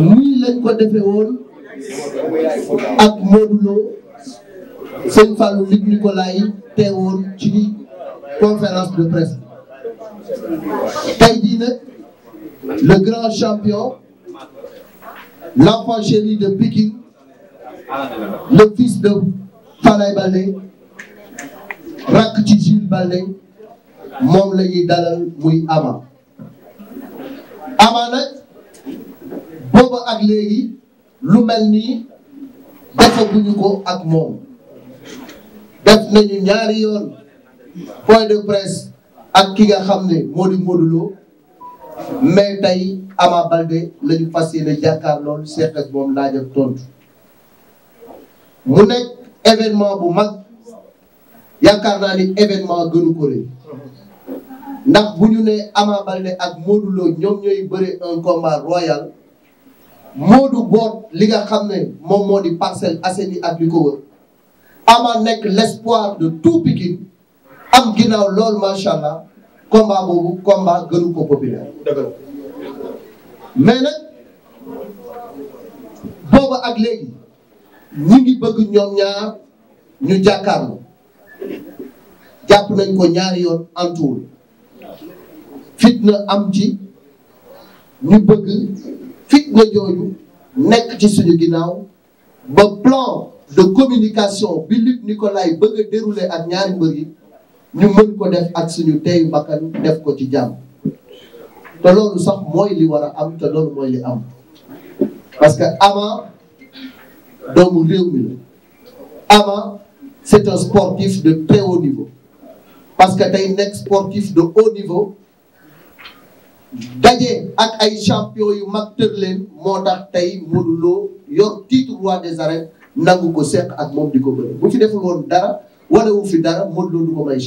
nii lañ ko defee woon ak Modou Lo sëñ Fallou Luc Nicolaï teewoon conférence de presse tey jii nag le grand champion l'enfant chéri de Pikine le fils de Falaye Baldé rakk ci Jules Baldé moom la ñuy Ama Ama nag booba ak léegi lu mel nii defaguñu ko ak moom def nañu ñaari yoon point de presse ak ki nga xam ne moo di Modou Lo mais tey Ama Baldé la ñu fas yéene jàkkaar loolu ak moom laaj ak tontu mu nekk événement bu mag yaakaar naa ni événement gënu ko rëy ndax bu ñu ne Ama Baldé ak Modou Lo ñoom ñooy bëre un combat royal Modou boot li nga xam ne moom moo di Parcelles Assainies ak li ko wër ama nekk l'espoir de tout Pikine am ginnaaw lool macha allah combat boobu combat gënu ko populaire mais nag ak léegi ñu bëgg ñoom ñaar ñu jàkkaarloo jàpp nañ ko ñaari yoon antuwul fitna am ci ñu bëgg fitna jooju nekk ci suñu ginnaaw ba plan de communication bi Luc Nicolaï bëgg a déroulé ak ñaari mbër ñu mën ko def ak suñu teyu bakkan def ko ci jàmm te loolu sax mooy li war a am te loolu mooy li am parce que Ama doomu réew mi la Ama c'est un sportif de très haut niveau parce que tey nekk sportif de haut niveau daje ak ay champion yu mag tër leen moo tax tey Modou Lo yor tiitu roi des arènes nangu ko seq ak moom di ko bëre bu fi deful woon dara wala fi dara Modou Lo du ko may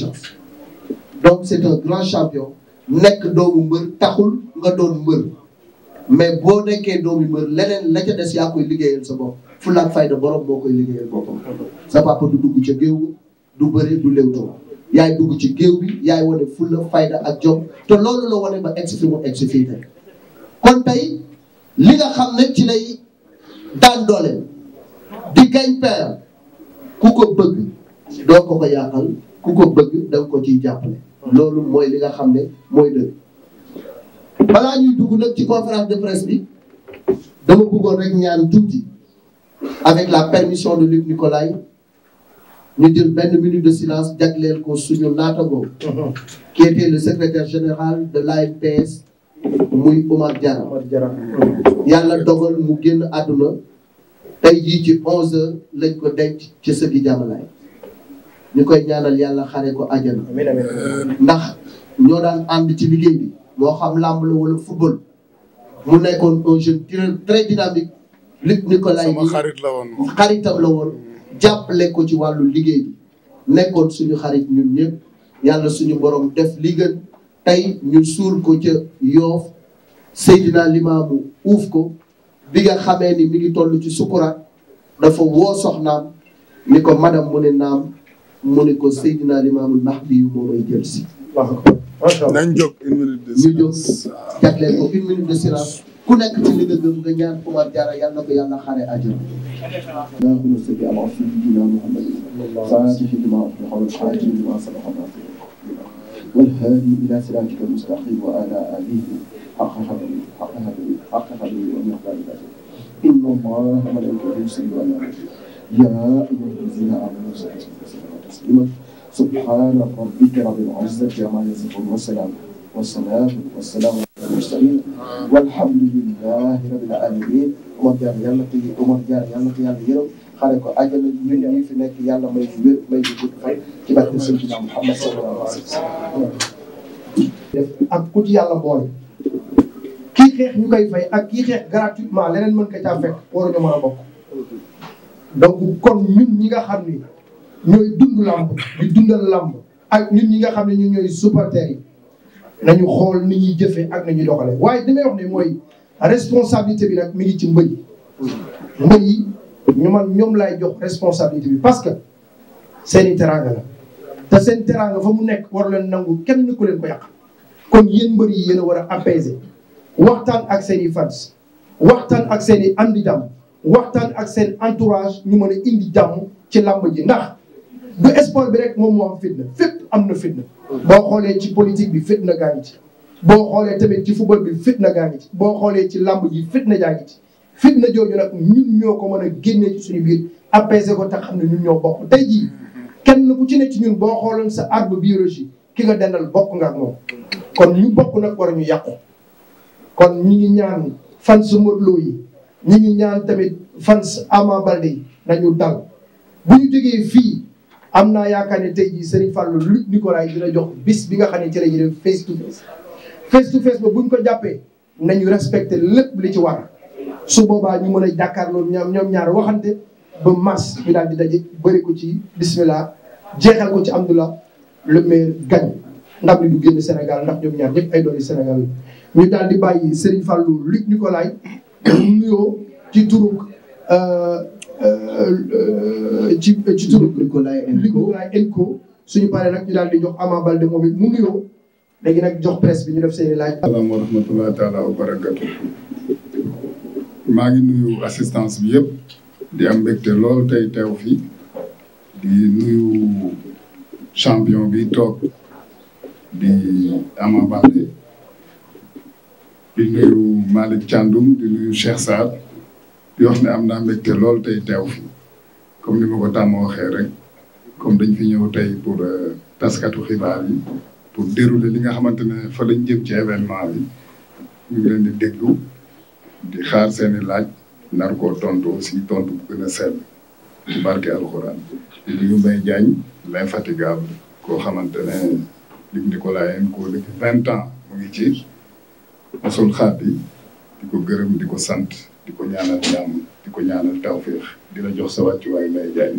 donc c'est un grand champion nekk doomu mbër taxul nga doon mbër mais boo nekkee doomu mbër leneen la ca des yaa koy liggéeyal sa bopp fulla ak fayda borom moo koy liggéeyal boppam sa papa du dugg ca géew du bëre du léwtoo yaay dugg ci géew bi yaay wane fulla fayda ak jom te loolu la wane ba egsi fi mu egsi fii tey kon tey li nga xam ne ci lay daan doole di gañ peer ku ko bëgg doo ko ko yàqal ku ko bëgg danga ko ci jàppale loolu mooy li nga xam ne mooy dëgg balaa ñuy dugg nag ci conférence de presse bi dama bëggoon rek ñaan tuuti avec la permission de Luc Nicolaï ñu jël benn minute de silence jagleel ko suñu naataango. qui était le secrétaire général de l'ANPS muy Omar Diarra. yàlla dogal mu génn àdduna tey jii ci 11h lañ ko denc ci sëgi jàmmalaay ñu koy jalal yàlla xare ko àjjana. ndax ñoo daan ànd ci liggéey bi. moo xam làmb la wala football. mu nekkoon un jeune tireur très dynamique. Luc Nicolaï sama la woon xaritam jàppale ko ci wàllu liggéey bi nekkoon suñu xarit ñun ñëpp yàlla suñu borom def li gën tey ñu suul ko ca yoof Seydina Limaamu uuf ko bi ga xamee ni mi ngi toll ci sukuraat dafa woo soxnaam ni ko madam mu ne naam mu ne ko Seydina Limaamu nax bi yu moo jël si. nañ jóg une minute de silence ñu minute de silence. ku nekk ci li nga gëm nga ñaan Omar Diarra yal na ko yàlla xaaree àjjana. allahumma salli ala sayyidina Muhammad saatihi lima ughliqa wal khaatimi lima sabaqa wal haadi ila siraatika al-mustaqim wa ala aalihi haqqa qadrihi haqqa qadrihi haqqa qadrihi wa miqdaarihi al-aziim. inna Allaha wa malaa'ikatahu yusalluuna ala an-nabi yaa ayyuhallaziina aamanuu sallu alayhi wa sallimu tasliiman subhaana rabbika rabbil izzati ammaa yasifuun wa salaamun wa salaamun wa salaamun المرسلين والحمد لله رب العالمين jaar yàlla te moom jaar yàlla te yàlla yërëm xare ko àjjana fi nekk yàlla may ñu wér may ñu gudd fan ci barke Seydina Muhammad sallallahu alayhi wa sallam ak ku ci yàlla boole kii xeex ñu koy fay ak kii xeex gratuitement leneen mën ko caa fekk waruñu bokk donc kon ñun ñi nga xam ni ñooy dund làmb di dundal làmb ak ñun ñi nga xam ne ñun ñooy supporter nañu xool ni ñuy jëfee ak nañuy doxale waaye li may wax ne mooy responsabilité bi nag mi ngi ci mbëy mbëy ñu man ñoom laay jox responsabilité bi parce que seeni teraanga la te seen teraanga fa mu nekk war leen nangu kenn ku leen ko yàq kon yéen mbër yi yéen a war a apaiser waxtaan ak seeni i waxtaan ak seen i andi waxtaan ak seen entourage ñu mën a indi jàmm ci làmb ji ndax du sport bi rek moom moo fitna fépp am na fitna. boo xoolee ci politique bi fitna gaa ngi ci. boo xoolee tamit ci football bi fitna gaa ci. boo xoolee ci làmb ji fitna jaa ngi ci. fitna jooju nag ñun ñoo ko mën a génnee suñu biir apaiser ko te xam ne ñun ñoo bokk tey jii kenn ku ci ne ci ñun boo xooloon sa arbre biologie ki nga dendal bokk nga ak moom. kon ñu bokk nag war ñu yàqu. kon ñu ngi ñaan fan su Modou yi ñu ngi ñaan tamit fan su Ama Baldé yi nañu dal bu ñu jógee fii. am naa yaakaar ne tey jii Serigne Fallou Luc Nicolaï dina jox bis bi nga xam ne ci la ñuy def face to face face to face ba buñ ko jàppee nañu respecté lépp li ci war su boobaa ñu ma a jàkkaarloo ñoom ñoom ñaar waxante ba mars ñu daal di daje bëri ko ci bismillah jeexal ko ci amdoulah le maire gagne ndam li du génn Sénégal ndax ñoom ñaar ñëpp ay doole Sénégal ñu daal di bàyyi Serigne Fallou Luc Nicolaï nuyoo ci turu. Euh, ci ci turu Licola suñu paree nag ñu daal di jox Ama Baldé moom it mu nuyoo léegi nag jox presse bi ñu def seen laaj. salaam wa rahmatulah taala wa barakatu maa ngi nuyu assistance bi yëpp di am mbégte lool tey teew fii di nuyu champion bi toog di Ama Baldé di nuyu Malick Thiandoum di nuyu Cheikh Sarr. di ne am naa mbégte lool tey teew fi comme ni ma ko tàmm waxee rek comme dañ fi ñëw tey pour euh, taskatu xibaar yi pour dérouler li nga xamante ne fa lañ jëm ci événement bi ñu ngi leen di déglu di xaar seeni laaj nar ko tontu aussi tontu bu gën a sell ci barke alxuraan di nuyu Mbaye Diagne l'infatigable koo xamante ne lig Nicolayen koo depuis vingt ans mu ngi ci mosul xaat yi di ko gërëm di ko sant di ko ñaanal jàmm di ko ñaanal tawféex di jox sa wàccuwaay lay jaay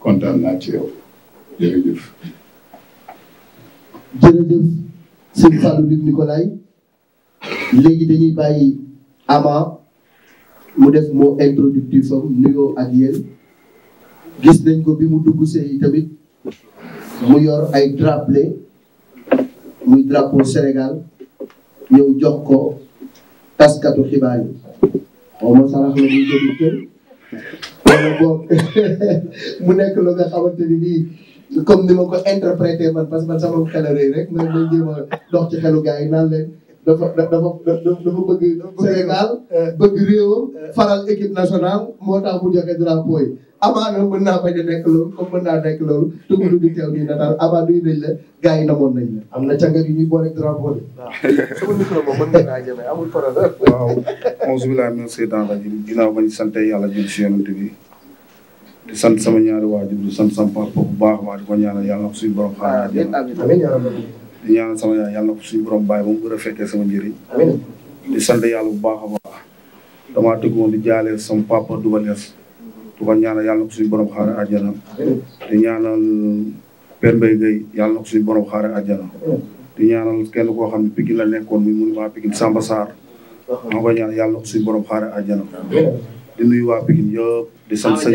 kontaan naa ci yow jërëjëf. jërëjëf sëñ Fallou Luc Nicolaï léegi dañuy bàyyi Ama mu def moo introductif am nuyoo ak yéen gis nañ ko bi mu dugg tamit mu yor ay drapeaux muy drapeau Sénégal ñëw jox ko taskatu xibaar yi. xaw ma sarax la ñuy nekk lu nga xamante ni nii comme ni ma ko interprété man parce que man sama xel a rëy ma jéem a dox ci xelu gars yi naan leen dafa dafa dafa bëgg Sénégal bëgg réewam faral équipe nationale moo tax mu joxe drapeau amaana mën naa bañ a nekk loolu comme mën naa nekk loolu te mënu ñu teew nii nataal amaana nuyu nañ la gars yi namoon nañ la am na càngat yu ñuy boole drapeau bi waaw sama micro boobu mën nga kaa jëmee amul problème waaw onze billahi min seytaan rajim ginnaaw bañ sante yàlla jël si yonent bi di sant sama ñaari waajur di sant sama papa bu baax maa di ko ñaanal yàlla na ko suñu borom xaaral di ñaanal sama yaay yàlla na ko suñu borom bàyyi ba mu gën a fekkee sama njëriñ di sant yàlla bu baax a baax damaa dëggoon di jaalee sama papa Double Less ku ko ñaanal yàlla na ko suñu borom xaare àjjana di ñaanal Père Mbaye Gueye yàlla si ko suñu borom xaare àjjana di ñaanal kenn koo xam ne Pikine la nekkoon muy monument Pikine Samba Sarr ma ko ñaanal yàlla na ko borom xaare àjjana di nuyu waa Pikine yëpp di sant sëñ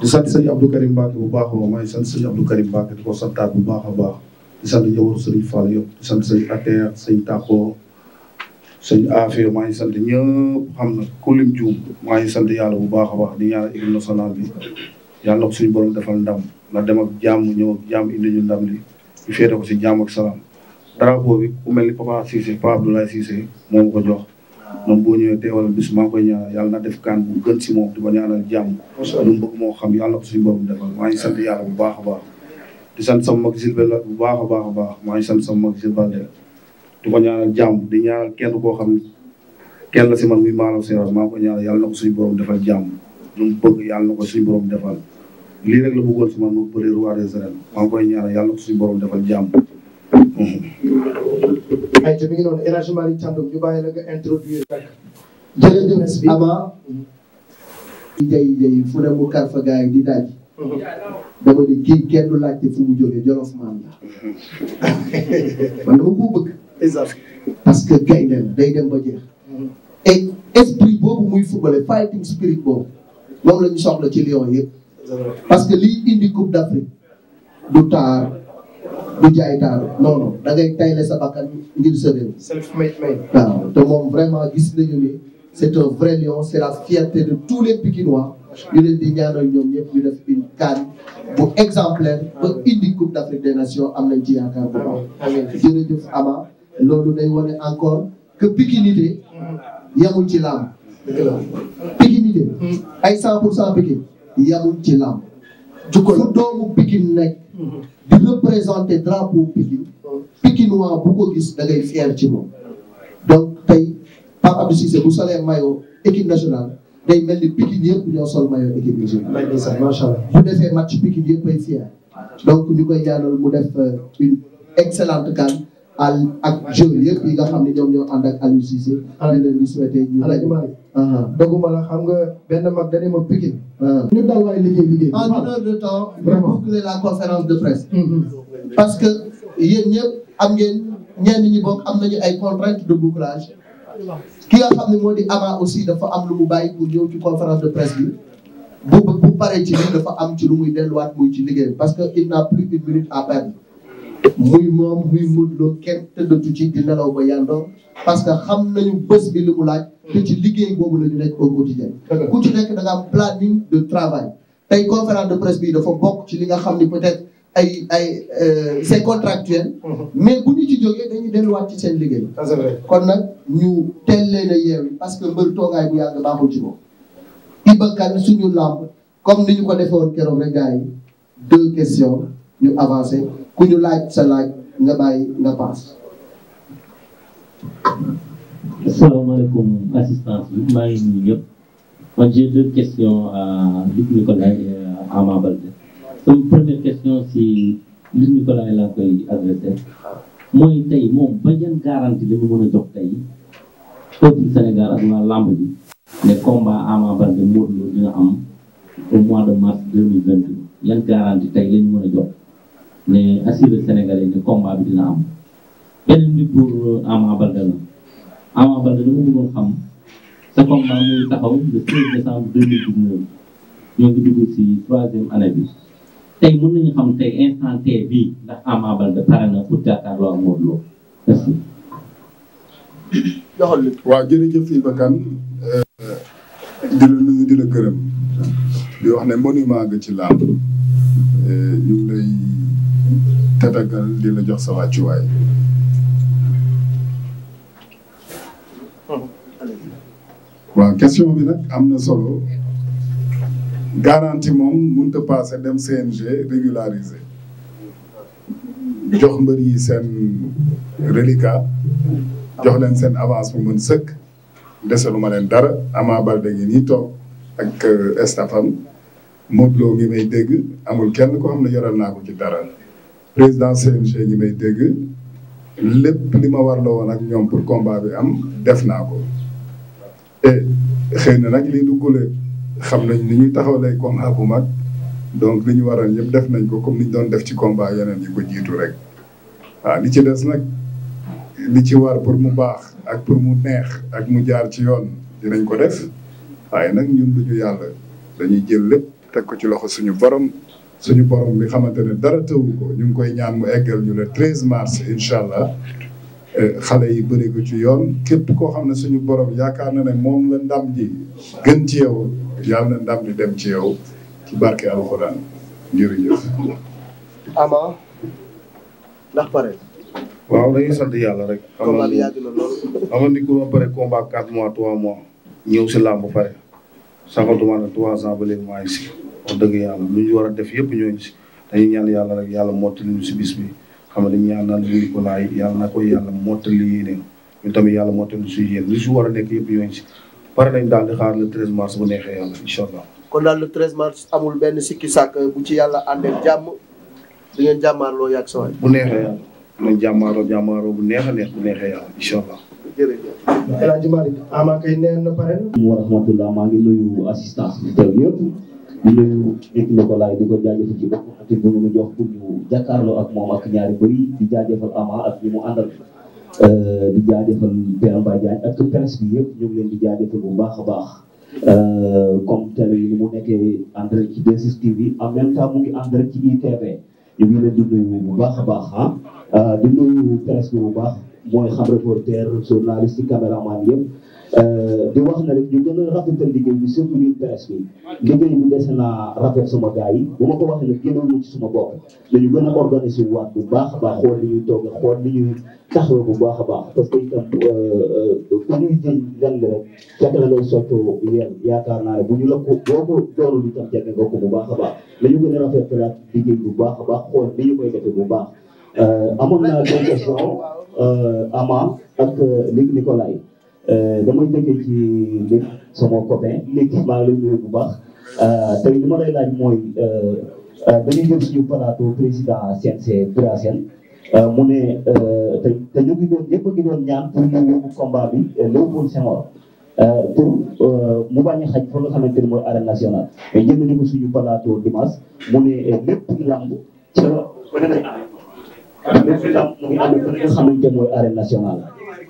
di sant Karim Mbacke bu baax moom may sant sëñ Abdou Karim Mbacke di ko santaat bu baax a baax di sant jëwaru sëriñ yëpp di sant sëñ Atea sëñ Tako sëñ Afia maa ngi sant ñëpp xam na ku lim juum maa ngi sant yàlla bu baax a baax di ñaan équipe bi yàlla na ko suñu borom defal ndam dem ak jàmm ñëw jàmm indi ñu ndam li ñu féete ko si jàmm ak salaam. drapeau bi ku mel ni Papa Cissé Papa Abdoulaye Cissé moo ko jox moom boo ñëwee teewal bis maa ngi na def kaan bu gën si moom di ko ñaanal jàmm. lu mu bëgg moo yàlla na ko suñu borom bu baax a baax. di sant sama mag Zilbel bu baax a baax baax maa ngi sant sama mag Zilbel di ko ñaanal jàmm di ñaanal kenn koo xam ne kenn la si man muy maanaam seeral maa ngi ko ñaanal yàlla na ko suñu borom defal jàmm lu mu bëgg yàlla na ko suñu borom defal lii rek la bëggoon si man mu bëri roi des arènes maa ngi koy ñaanal yàlla na ko suñu borom defal jàmm. ay te mi ngi noonu élargissement Malick Thiandoum ñu bàyyi la nga introduire rek. jërëjëf avant. tey tey fu ne mu kar fa gars yi di daaj. dama ne kii kenn du laajte fu mu jógee Jolof maam la man dama ko bëgg. parce que gaynde la day dem ba jeex. Mm-hmm. et esprit boobu muy footballé fighting spirit boobu moom la ñu soxla ci Lions yëpp. parce que liy indi coupe d' Afrique du taar du jaay taar non non da ngay tayle sa bakkan ngir sa réew. waaw te moom vraiment gis nañu ni c' est un vrai lion c' la fierté de tous les Pikinois ñu leen di ñaanal ñoom ñëpp ñu def une CAN bu exemplaire ba indi coupe d' Afrique des am nañ ci yaakaar bu baax. jërëjëf Ama. loolu day wane encore que pikinité yamul ci làmb pikinité hmm. ay cent pour cent pikin yamul ci làmb jukko su doomu pikin nekk di représenter drapeau pikin pikinois bu ko gis da ngay fier ci moom donc tey Pape Abdou Cissé bu solee maillot équipe nationale day mel ni pikin yëpp ñoo sol maillot équipe nationale macha allah bu defee match pikin yëpp ay fier donc ñu koy ñaanal mu def euh, une excellente CAN al ak jeu yëpp yi nga xam ne ñoom ñoo ànd ak Aliou Cissé. ñu leen di souhaité ñu. ala imaam uh-huh. la xam nga benn mag dañu ma piqué. Uh-huh. ñu dal waay liggéey liggéey. la conférence de presse. Mm-hmm. parce que yéen ñëpp am ngeen ñenn ñi bokk am nañu ay contraintes de bouclage. ki nga xam ne moo di Ama aussi dafa am lu mu bàyyi pour ñëw ci conférence de presse bi. bu bu paree ci lii dafa am ci lu muy delluwaat muy ci liggéey parce que il n'a plus une minute à muy moom muy mënuloo kenn tëddatu ci di nelaw ba yàndoo parce que xam nañu bés bi li mu laaj te ci liggéey boobu la ñu nekk au quotidien ku ci nekk da nga am planning de travail tey conférence de presse bi dafa bokk ci li nga xam ni peut-être ay ay euh, c'est contractuel mhm. mais bu ñu ci jógee dañuy delluwaat ci seen liggéey ah, kon nag ñu teel leen a parce que mbër toogaay bu yàgg baaxul ci moom Iba Kane suñu làmb comme ni ñu ko defee woon keroog rek gars yi deux questions ñu avancé ku ñu laaj sa laaj nga bàyyi nga paas. asalaamaaleykum assistance bi maa ngi nuyu ñëpp man j'ai deux questions à ah, Luc Nicolaï et eh, à Ama Baldé sama première question si Luc laa koy adressé mooy tey moom ba yan garantie la ñu mën a jox tey peuple Sénégal ak waa làmb bi ne combat Ama Baldé Modou Lô dina am au mois de mars deux mille vingt-deux yan garantie tey la a jox. mais assurer Sénégalais ni combat bi dina am. beneen bi pour euh, Ama Baldé la Ama Baldé dama bëggoon xam sa combat muy taxaw le 13 décembre 2019 ñoo ngi dugg ci troisième année bi tey mën nañu xam tey instant T bii ndax am Baldé pare na pour jàkkaarloo ak Modou Lo merci. waaw jërëjëf Iba Kane euh, di la nuyu di la gërëm di wax ne monument nga ci làmb euh, ñu tatagal di la jox sa wàccuwaay waaw question bi nag am na solo garantie moom mënut a passé dem CNG régulariser jox mbër yi seen reliquat jox leen seen avance bu mën sëkk deselu ma leen dara Ama Baldé ngi nii toog ak euh, staffam Modou Lo ngi may amul kenn ko am na yoral naa ko ci dara président CNG ñi may dégg lépp li ma warloo woon ak ñoom pour combat bi am def naa ko et xëy na nag lii nu gule xam nañ ni ñuy taxawalee combat bu mag donc li ñu waral yëpp def nañ ko comme ni ñu doon def ci combat yeneen yi ko jiitu rek waaw ah, li ci des nag li ci war pour mu baax ak pour mu neex ak mu jaar ci yoon dinañ ko def waaye nag ñun duñu yàlla dañuy jël lépp teg ko ci loxo suñu borom suñu borom bi xamante ne dara tëwu ko ñu ngi koy ñaan mu eggal ñu le 13 mars incha allah eh, xale yi bëri ko ci yoon képp ko xam ne suñu borom yaakaar na ne moom la ndam ji gën ci yow yàlla na ndam di dem ci yow ci barke alxuraan jërëjëf. Ama ndax pare. waaw dañuy sant yàlla rek. combat na lool. am na mois 3 mois. ñëw si làmb pare. saxatuma ne 3 ans ba léegi maa ngi wax dëgg yàlla lu war a def yëpp ñooñu si dañuy ñaan yàlla rek yàlla mottali ñu si bis bi xam nga dañu ñaanal ñu ko laay yàlla na ko yàlla mottali yéeneen ñun tamit yàlla si yéen lu si war a nekk yëpp ñooñu si pare nañ daal di xaar le 13 mars bu neexee yàlla incha allah. kon daal le 13 mars amul benn sikki sàkk bu ci yàlla àndee jàmm di ngeen jàmmaarloo yàgg sa bu neexee yàlla dinañ jàmmaarloo jàmmaarloo bu neex a neex bu neexee yàlla incha allah. jërëjëf El di nuyu Luc Nicolaï di ko jaajëfal ci bopp te bi mu jox pour ñu ak moom ak ñaari bëri di jaajëfal Ama ak ñi mu àndal euh, di jaajëfal Père Mbaye Diagne ak presse bi yëpp ñu leen di jaajëfal bu baax a baax euh, comme télé yi mu nekkee en ci 2STV en même temps mu ngi en direct ci ITV ñu ngi leen di nuyu bu baax a baax ah euh, di nuyu presse bi bu baax mooy xam reporter journaliste ci caméraman yëpp. Euh, di wax na rek ñu gën a rafetal liggéey bi surtout ñun presse bi liggéey bi naa rafet suma gars yi bu ma ko waxee nag génnoon ci suma bopp dañu gën a organiser waat bu baax a baax xool li ñuy toog xool li ñuy taxawee bu baax a baax parce que itam euh, euh, ku ñuy jëñ lenn rek fekk la lay sottoo yéen yaakaar naa ne bu ñu la ko boo ko doonul itam bu baax a baax dañu gën a rafetalaat liggéey bu baax a baax xool li ñu koy bu baax amoon naa deux questions Ama ak Luc Nicolaï Euh, damay njëkkee ci lépp sama copain léegi maa ngi lay nuyu bu baax euh, tey li ma lay laaj mooy euh, dañuy jëm suñu plateau président CNC Bira Sène mu ne te te ñu ngi doon ñëpp a ngi doon ñaan pour ñu yóbbu combat bi Léopold Senghor pour mu bañ a xaj fa nga xamante ni mooy arène nationale mais jënd nañu ko suñu plateau dimanche mu ne lépp lamb lamb mu ngi amee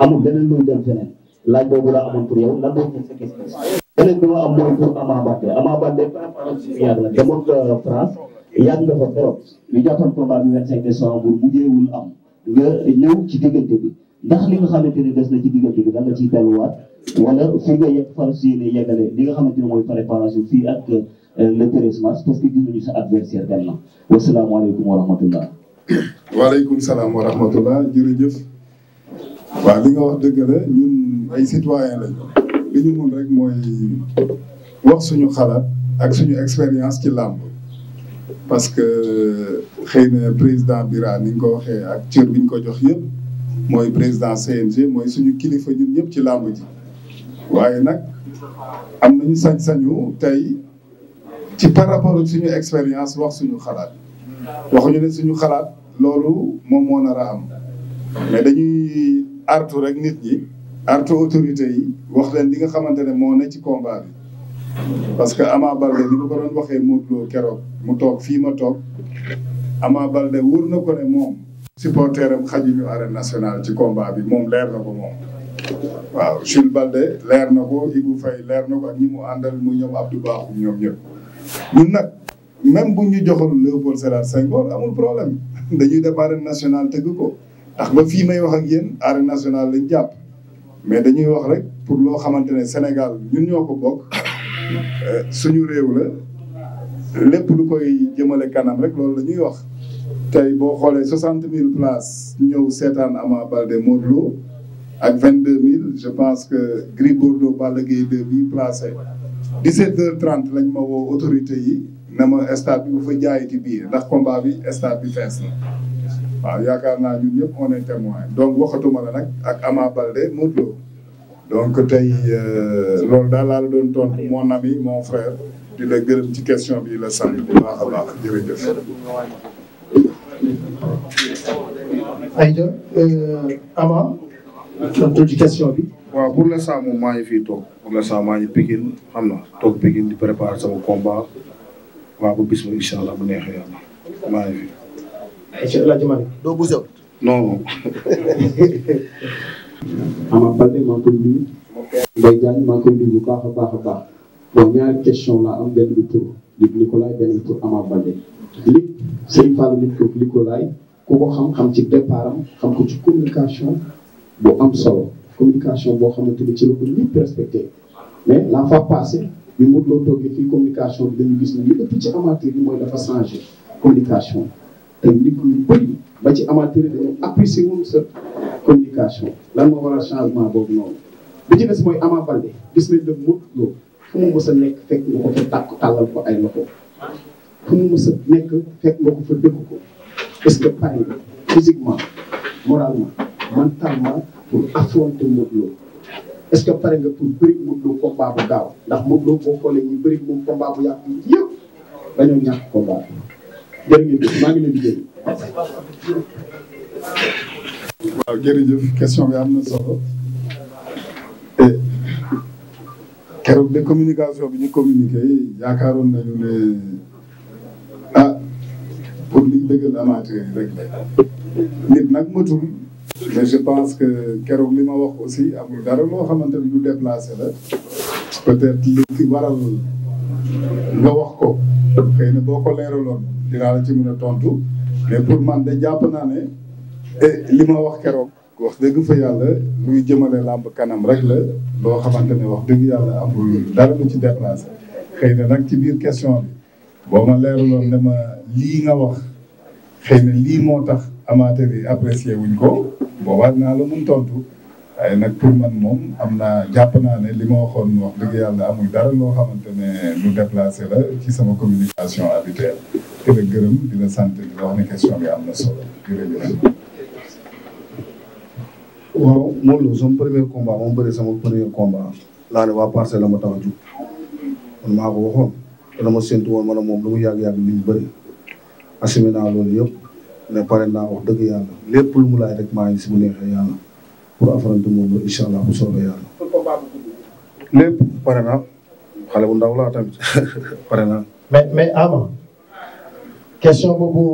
fa feneen. laaj boobu laa amoon pour yow lan moo gën sa gis-gis. beneen bi ma am mooy pour Ama Baldé Ama Baldé euh, yàgg na demoon France nga fa trop ñu jàppoon combat bi nga ñëw ci diggante bi ndax li nga xamante des na ci diggante bi da nga ciy delluwaat wala fi nga yegg far si ne yeggale li nga xamante ne mooy préparation fii ak euh, le 13 mars parce que gis nañu sa adversaire dem na wasalaamaaleykum wa rahmatullah. waaleykum salaam wa rahmatullah jërëjëf. li nga wax dëgg la ay citoyen lañ li ñu mun rek mooy wax suñu xalaat ak suñu expérience ci làmb parce que xëy na président Bira ni nga ko waxee ak cër biñ ko jox yëpp mooy président CNG mooy suñu kilifa ñun ñëpp ci làmb ji waaye nag am nañu sañ-sañu tey ci par rapport suñu expérience wax suñu xalaat waxuñu ne suñu xalaat loolu moom moo nar a am mais dañuy artu rek nit ñi artu autorité yi wax leen li nga xamante ne moo ne ci combat bi parce que Ama Balde ni ma ko doon waxee Modou Lo keroog mu toog fii ma toog Ama Balde wóor na ko ne moom supporter am xajuñu arène nationale ci combat bi moom leer na ko moom waaw Jules Balde leer na ko Ibou Faye leer na ko ak ñi mu àndal mu ñoom Abdou Bakhoum ñoom ñëpp ñun nag même bu ñu joxoon Léopold Sédar Senghor amul problème dañuy def arène nationale tëgg ko ndax ba fii may wax ak yéen arène nationale lañ jàpp mais dañuy wax rek pour loo xamante ne Sénégal ñun ñoo ko bokk euh, suñu réew la lépp lu koy jëmale kanam rek loolu la wax. tey boo xoolee soixante mille places ñëw seetaan Ama Baldé Modou Lo ak vingt deux mille je pense que Gris Bordeaux Balla Gaye bi placé dix sept heures trente lañ ma woo autorité yi na ma stade bi bu fa jaayati biir ndax combat bi stade bi fees na. waaw yaakaar naa ñun ñëpp on est témoin donc waxatuma la nag ak Ama Baldé donc tey euh, loolu daal laa doon tontu mon ami mon frère di la gërëm ci question bi la sant bu baax a baax jërëjëf. Aïda euh, Ama. tontu ci question bi. waaw pour l'instant moom maa ngi fii toog pour l'instant maa ngi Pikine xam na toog Pikine di préparer sama combat waaw bu bis ma bu neexee yàlla maa ngi fi. monsieur El Hadj Malick doo bougé wul. non. Ama Baldé maa koy nuyu. Mbaye Diagne maa koy nuyu bu baax a baax a baax. bon ñaari question laa am benn bi pour Luc Nicolaï benn bi pour Ama Baldé. Luc Serigne Fallou Luc Nicolaï ku ko xam-xam ci départ xam ko ci communication bu am solo communication boo xamante ni ci la ko ñëpp respecté mais la fois passée bi mu loo toogee fii communication bi dañu gis ne li ëpp ci amateur bi mooy dafa changé communication. te li ko ñu bëri ba ci amateur yi dañoo apprécié sa communication lan moo waral changement boobu noonu bi ci des mooy Ama Baldé gis nañ ne fu mu mës nekk fekk nga ko fa tàkk ko ay loxo fu mu mës nekk fekk fa dëgg ko ce que pare nga physiquement moralement mentalement pour affronter Modou Lo est-ce que pare nga pour bëri Modou Lo gaaw ndax Modou Lo boo xoolee bëri moom combat bu yàgg yëpp dañoo ñàkk combat jërë ngeen jëf maa jël. waaw jërëjëf question bi am na solo eh, keroog de communication bi ñu communiqué yaakaaroon nañu ne ah pour liy dëggal na yi rek nit nag matul mais je pense que keroog li ma wax aussi amul dara loo xamante ni lu déplacé la peut-être li ci waral nga wax ko xëy na boo ko leeraloon. dinaa la ci mën a tontu mais pour man de jàpp naa ne eh, li ma wax keroog wax dëgg fa yàlla luy jëmale làmb kanam rek la loo xamante ne wax dëgg yàlla amul dara lu ci déplacé xëy na nag ci biir question bi boo ma leeraloon ne moo tax amateur yi apprécié wuñ ko boobaa la mun tontu waaye nag pour man moom am naa jàpp naa ne li ma waxoon wax dëgg yàlla amul dara lu déplacé la ci sama communication habituelle di la gërëm di la sant di la wax ne question sama premier combat moom bëri sama premier combat laa ne parcelle la ma tax jug man maa ko waxoon te dama séntu woon ma moom lu mu yàgg-yàgg li ñu bëri assumé loolu yëpp ne pare naa wax dëgg yàlla lépp lu mu laaj rek maa ngi si bu neexee yàlla pour affronter Modou allah bu soobee yàlla. lépp pare naa xale bu ndaw laa tamit pare naa. question boobu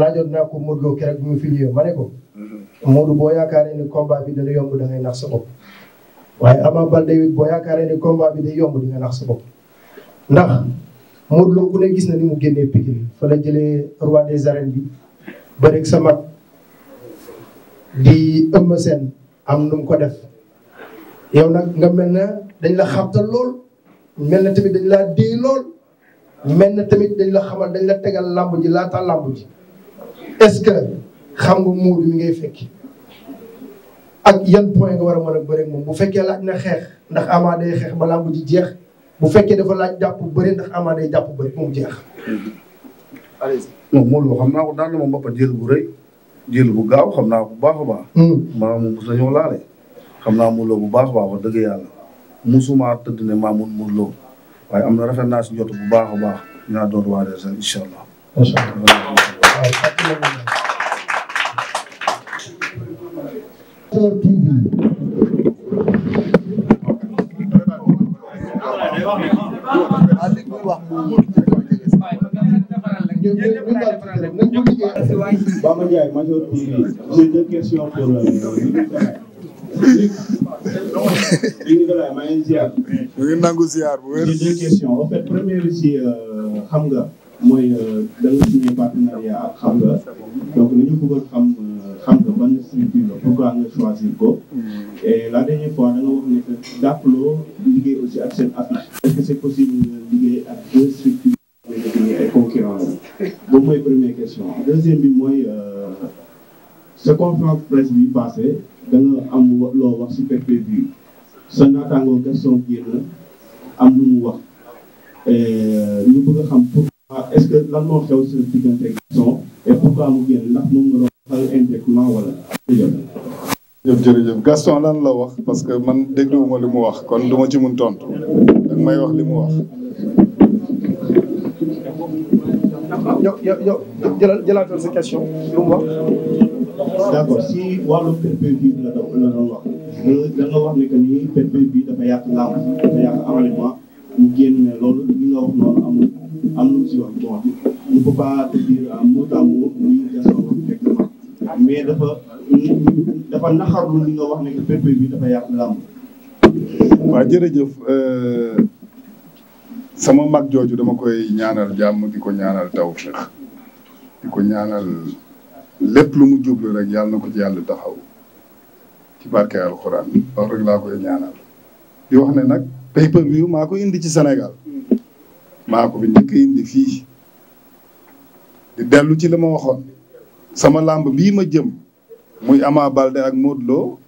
laajoon naa ko Modou Lo keroog bi mu fi ñëwee ma ne ko. Mhm. Modou boo yaakaaree ni combat bi dana yomb dangay nax sa waaye Ama Baldé it boo yaakaaree ni combat bi day yomb di nga nax sa ndax Modou Lo ku ne gis na ni mu génnee Pikine fa la jëlee roi des arènes bi ba rek sa di ëmm seen am nu mu ko def. yow nag nga mel na dañ la xabtal lool mel na tamit dañ laa dee lool. mel na tamit dañ la xamal dañ la tegal làmb ji laata làmb ji est-ce que xam nga Modou ngay fekki ak yan point nga war a mën a bëri moom bu fekkee laaj na xeex ndax Ama day xeex ba làmb ji jeex bu fekkee dafa laaj jàpp bëri ndax Ama day jàpp bëri moom jeex. allez. non Modou xam naa ko daan na ma mbappat jël bu rëy jël bu gaaw xam naa ko bu baax a baax. Hmm. maanaam mos nañoo laale. xam naa Modou Lo bu baax a baax wax dëgg yàlla mosuma tëdd ne maa mun Modou Lo waaye am na rafet naa si jot bu baax a baax dinaa doon waa des ñu ngi nangu ziar bu wér. deux questions en fait première bi ci euh, xam nga mooy euh, da nga partenariat ak xam nga donc li ñu bëggoon xam xam euh, nga ban structure la pourquoi nga choisir ko. Hmm. et la dernière fois da nga wax ne que Daplo liggéey aussi ak seen at est-ce que c'est possible liggéey ak deux structures yoo xamante ni ay mooy première question deuxième bi mooy sa conférence presse bi passé da nga am loo wax si perpétuité sa naataangoo Gaston génn am lu mu wax euh, ñu bëgg xam pourquoi est-ce que lan moo xew sa diggante Gaston et pourquoi mu génn ndax la wax parce que man dégluwuma li mu wax kon du ma ci mun tontu danga may wax li mu wax. yow lu mu wax. d'accord si wàllu perpétuité la la bi dafa yàq làmb dafa yàq entraînement mu génn ne loolu li nga wax noonu amul am wax bon on peut pas te dire mot mais dafa dafa naxarlu li nga wax ne que perpétuité euh, sama mag jooju dama koy ñaanal jàmm di ko ñaanal taw di ko ñaanal. lépp lu mu jublu rek yàlla na ko ci yàlla taxaw ci barke alxuraan loolu rek laa koy ñaanal di wax ne nag pay per maa ko indi ci Sénégal maako ko fi njëkk indi fii dellu ci la ma waxoon sama làmb bii ma jëm muy Ama Baldé ak Modou Lo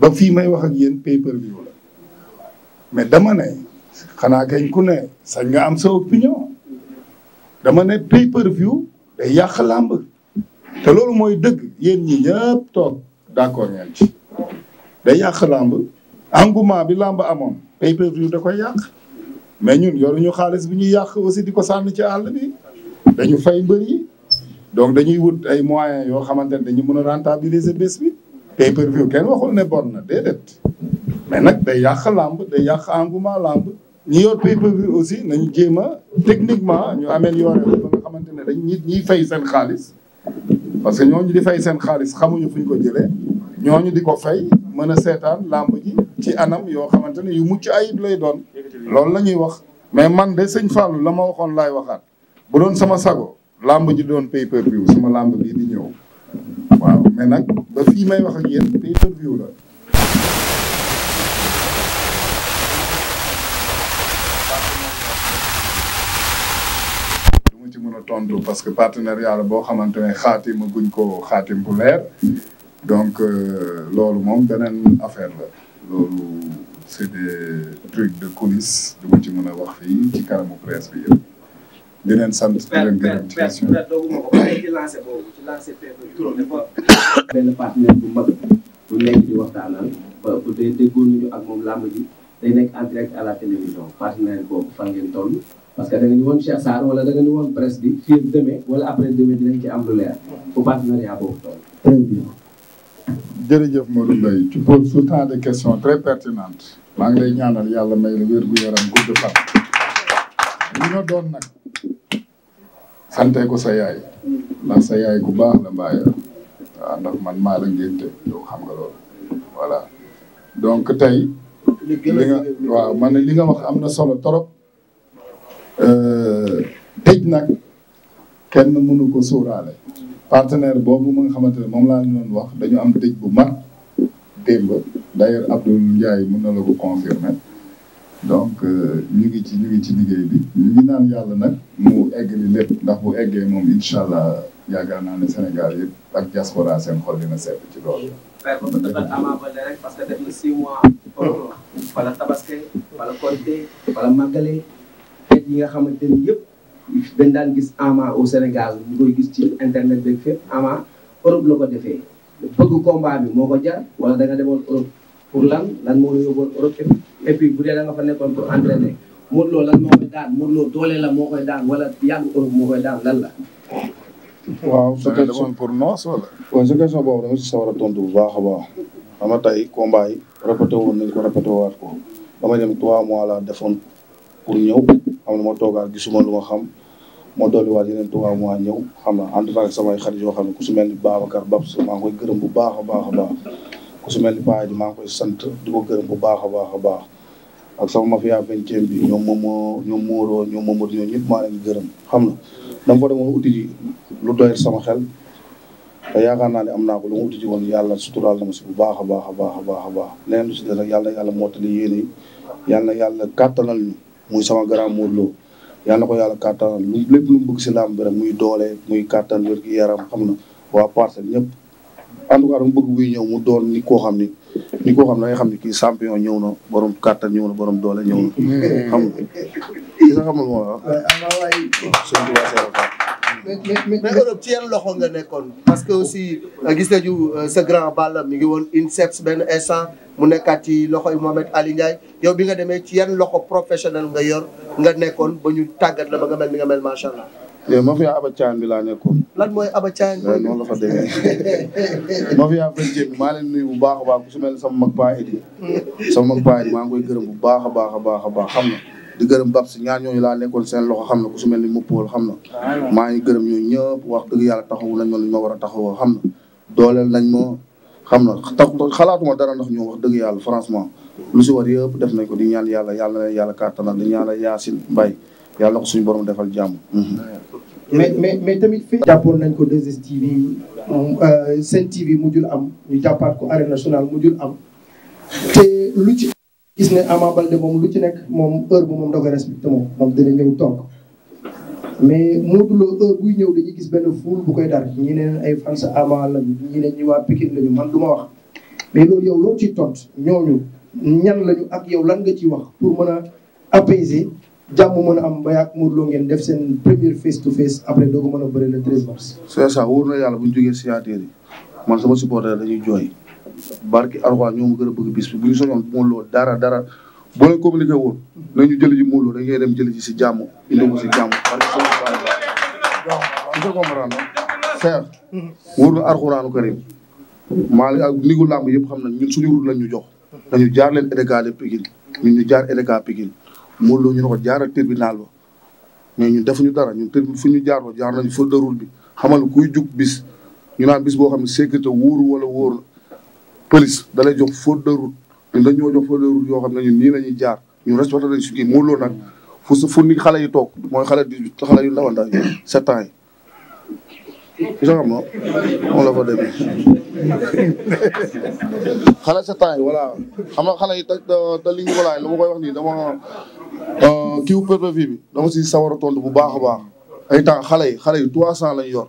ba fii may wax ak yéen pay per la mais dama ne xanaa kañ ku ne sañ nga am sa opinion dama ne pay-per-view day yàq làmb te loolu mooy dëgg yéen ñi ñëpp toog d'accord ngeen ci day yàq làmb engouement bi làmb amoon pay-per-view da koy yàq mais ñun yoruñu xaalis bi ñuy yàq aussi di ko sànni ci àll bi dañu fay mbër yi donc dañuy wut ay moyens yoo xamante ne dañu mun a rentabiliser bés bi pay-per-view kenn waxul ne bon na déedéet mais nag day yàq làmb da yàq engouement làmb ñi yor pay view aussi nañu jéem a techniquement ñu améliorer ba nga xamante ne dañ nit ñiy fay seen xaalis parce que ñooñu di fay seen xaalis xamuñu fu ñu ko jëlee ñooñu di ko fay mën a seetaan làmb ji ci anam yoo xamante ne yu mucc ayib lay doon loolu la ñuy wax mais man de sëñ Fallou la ma waxoon laay waxaat bu doon sama sago làmb ji doon pay per view làmb bii di ñëw waaw mais nag ba fii may wax ak yéen pay per la tontu parce que partenariat la boo xamante ne xaatima guñ ko xaatim bu leer donc euh, loolu moom beneen affaire la loolu c'est des trucs de coulisses du ma ci mën a wax fii ci kanamu presse bi yëpp di leen sant di leen gërëm ci question ci partenaire bu mag bu nekk di waxtaanal ba bu dee déggoo nañu ak moom làmb ji day nekk en direct à la télévision partenaire boobu fan ngeen toll parce que da nga ñu woon Cheikh Sarr wala wala après demee dinañ ci am lu leer bu partenariat boobu toll. très bien jërëjëf Modou Mbaye tu poses tout temps des très pertinentes maa ngi lay ñaanal yàlla may la wér gu yaram gudd fan. li nga doon nag sante ko sa yaay ndax sa yaay ku baax la mbaaya waaw ndax man maa la ngénte yow xam donc tey li waaw man li nga wax am na solo trop. Euh, tëj nag kenn mënu ko sóoraale partenaire boobu mu nga xamante ne moom laa ñu doon wax dañu am tëj bu mag démb d'ailleurs Abdoul Ndiaye mën na la ko confirmer donc euh, ñu ngi ci ñu ngi ci liggéey bi ñu ngi naan yàlla nag mu egg li lépp ndax bu eggee moom incha allah yaakaar naa ne Sénégal yëpp ak diaspora seen xol dina seet ci loolu. yi nga xamante ni yëpp dañ daan gis Ama au Sénégal ñu koy gis ci internet beeg fépp Ama Europe la ko defee bëgg combat bi moo ko jar wala da nga demoon pour lan lan moo la yóbboon bu dee da fa nekkoon pour entraîner Modou Lo moo koy daan doole la moo koy daan wala yàgg Europe moo koy daan lan la. waaw sa question pour noos wala. waaw sa question boobu tontu bu baax a baax xam nga tey combat yi woon nañ ko répété waat ko dama dem trois mois la defoon pour ñëw. am na ma toogaat gisuma lu ma xam ma dolliwaat yeneen trois mois ñëw xam na en tout cas samay xarit yoo xam ne ku si mel ni Babacar Babs maa ngi koy gërëm bu baax baax a baax ku mel ni Baye maa ngi koy sant di bu baax a baax a baax ak sama mafia vingtième bi ñoom Momo ñoom Mooro ñoom Momadou ñoom ñëpp maa leen gërëm xam na dama fa demoon uti lu doyal sama xel te yaakaar naa ne am naa ko lu ma uti woon yàlla suturaal na ma si bu baax baax a baax a a baax leneen lu si des nag yàlla yàlla yàlla yàlla muy sama grand Modou Lo yàlla na ko yàlla kàttan lu lépp lu mu bëgg si làmb bi rek muy doole muy kattan wér gi yaram xam na waa parcelle ñëpp en tout cas dama buy ñëw mu doon ni koo xam ni ni ko xam ne da xam ne kii champion ñëw no borom kattan ñëw na borom doole ñëw na mm-hmm. xam nga. ki nga moom ah. waaw mais mais Europe ci yan loxo nga nekkoon parce que aussi a euh, gis nañu euh, sa grand Balla mi ngi woon INSEPS benn instant mu nekkaat ci loxoy Mohamed Ali Ndiaye yow bi nga demee ci yan loxo professionnel nga yor nga nekkoon ba ñu tàggat la ba nga mel mi nga mel macha allah. mafia abacaan bi laa nekkoon. lan mooy abacaan. Eh, noonu la fa demee mafia vingt bi maa leen nuyu bu baax a baax ku su mel sama mag Paa Edi. sama mag Paa Edi maa ngi koy bu baax a baax a baax a baax xam na. di gërëm bab si ñaar ñooñu laa nekkoon seen loxo xam na ku su mel ni muppool xam na maa ngi gërëm ñooñu ñëpp wax dëgg yàlla taxawu nañ ma lu ma war a taxawoo xam na dooleel nañ ma xam na tax xalaatuma dara ndax ñoom wax dëgg yàlla franchement lu si war yëpp def nañ ko di ñaan yàlla yàlla na leen yàlla kàttanal di ñaan Yaasin Mbaye yàlla ko suñu borom defal jàmm mhm. mais mais mais tamit fii jàppoon nañ ko 2STV euh, Sen TV mujjul am ñu jàppaat ko arène nationale mujjul am te lu ci gis ne Ama Baldé moom lu ci nekk moom heure bu moom da koy respecté moom moom dina ñëw toog mais Modou Lo heure buy ñëw dañuy gis benn foule bu koy dar ñi ne ay fans Ama lañu ñi ne ñi waa Pikine lañu man du ma wax mais loolu yow loo ciy tontu ñooñu ñan lañu ak yow lan nga ciy wax pour mën a apaiser jàmm mën a am ba yàgg Modou Lo ngeen def seen premier face to face après doo ko mën a bëri le 13 mars. c'est ça wóor na yàlla bu ñu jógee siyaatee yi man sama jooy. barki Alxuraan ñoo gën a bis bi bu ñu soñoon dara boo leen communiqué woon nañu jëli ji Modou Lo dem jëli ji si jàmm indi si jàmm barki soñu Fall su ko comprendre maa ak nigu làmb yëpp xam na ñun suñu route lañ ñu jox dañu jaar leen EDK de Pikine ñun ñu jaar EDK Pikine Modou Lo ñu ne ko jaaral tribunal ba mais ñun defuñu dara ñu tribunal fu ñu jaar jaar nañu fël de route bi xamal kuy jug bis ñu naan bis boo xam ne sécurité wóoru wala wóoru police da lay jox faute de route yoo xam ne ñun nii la ñuy jaar ñun respecté nañ suñu Modou Lo nag fu ni xale yi toog mooy xale di xale yu ndaw ndax sept ans yi. gis nga xam nga moom la fa demee yi voilà xam nga xale yi te te li ñu voilà lu koy wax nii dama euh, kiiw pay per bi dama si sawar a tontu bu baax a baax. ay temps xale yi xale yi trois cent lay yor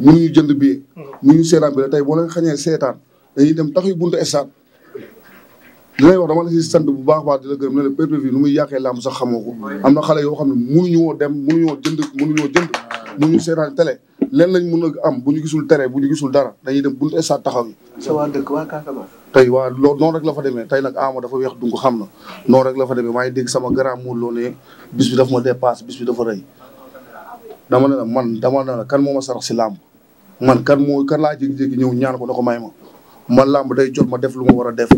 mënuñu jënd billet mënuñu seetaan bi la tey boo leen xañee seetaan. dañuy dem tax yu buntu stade li lay wax dama si sant bu baax baax di la gërëm ne la pay nu muy yàqee làmb sax xamoo ko am na xale yoo xam ne mënuñoo dem mënuñoo jënd mënuñoo jënd mënuñu seetaan télé leen lañ mën a am bu ñu gisul télé bu ñu gisul dara dañuy dem buntu stade taxaw yi sa waa dëkk waa Casamance tey waa loolu noonu rek la fa demee tey nag ama dafa weex dunk xam na noonu rek la fa demee maa ngi sama grand mour loo ne bis bi dafa ma dépasse bis bi dafa rëy dama ne la man dama ne la kan moo ma sarax si làmb man kan moo kan laa jékki-jékki ñëw ñaan ko na ko may ma man làmb day jot ma def lu ma war a def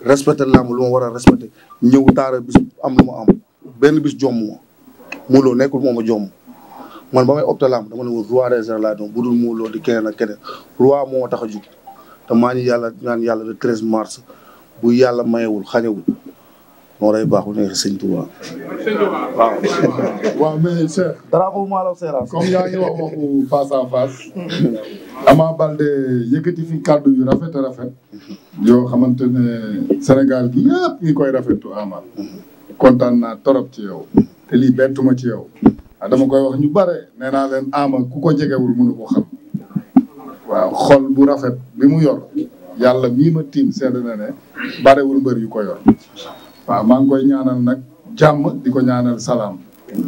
respecté làmb lu ma war a respecté ñëw taara bis am lu ma am benn bis jomm ma Modou nekkul moom a jomm man ba may opté lamb dama ne woon roi des arènes laa doon bu dul Modou Lo di keneen ak keneen roi moo tax a jug te maa ngi yàlla ñaan yàlla le 13 mars bu yàlla mayewul xañewul moo lay baax bu neexee sëñ Touba. waaw. waaw mais Cheikh. drapeau Malaw Seras. comme yaa ngi wax waxu face à face. Ama yëkkati fi kàddu yu rafet a rafet. yoo xamante ne Sénégal gi yëpp ñu koy rafetu Ama. kontaan naa torop ci yow. te lii bettuma ci yow. ah dama koy wax ñu bare nee naa leen Ama ku ko jegewul mënu ko xam. waaw xol bu rafet bi mu yor. yàlla mii ma tiim seede na ne barewul mbër yu ko yor. waaw maa ngi koy ñaanal nag jàmm di ko ñaanal salaam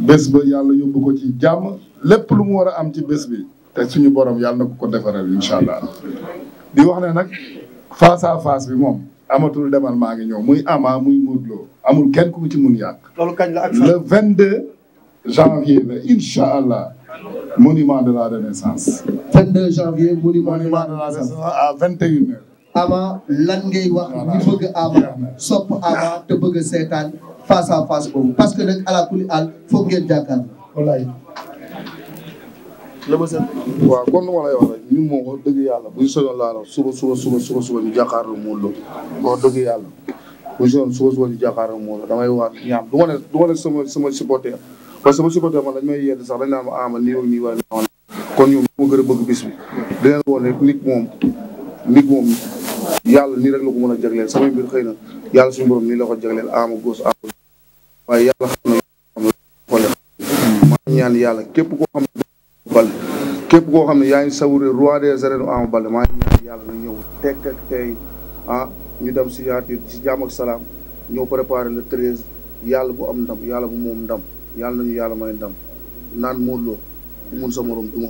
bés ba yàlla yóbbu ko ci jàmm lépp lu mu war a am ci bés bi te suñu borom yàlla na ko defaree defaral incha allah di wax ne nag face à face bi moom amatul demal maa ngi ñëw muy Ama muy Modou amul kenn ku ci mun yàq. loolu kañ la ak le 22 janvier la incha allah monument de la renaissance. 22 janvier monument de la renaissance à 21h. Ama lan ngay wax ñu bëgg Ama sopp Ama te bëgg seetaan face à face boobu parce que nag ala kulli àll foog ngeen jàkkaarloo. wallaay. la ma sën. waaw kon nu ma lay wax rek ñun moom wax dëgg yàlla bu ñu soñoon laa suba suba suba suba suba ñu jàkkaarloo damay wax ñaam du ma ne ma ne sama sama parce que sama supporter man dañ may yedd sax dañ naan ma ama ah, nii nii wala kon ñoom ma gën a bëgg bis bi. dinañ woon rek nit moom nit moom. yàlla nii rek la ko mën a jagleel sama mbir xëy na yàlla suñu borom ni la ko jagleel ama gos ama waaye yàlla xam na xole maa ñaan yàlla képp ko xam ne Baldé képp koo xam ne yaa ngi sawuré roi des arènes Ama Baldé maa ñaan yàlla na ñëw tekk ak tey ah ñu dem si yaatir si jàmm ak salaam ñëw préparé le treize yàlla bu am ndam yàlla bu moom ndam yàlla nañu yàlla may ndam naan móodloo ku mun sa moroom duma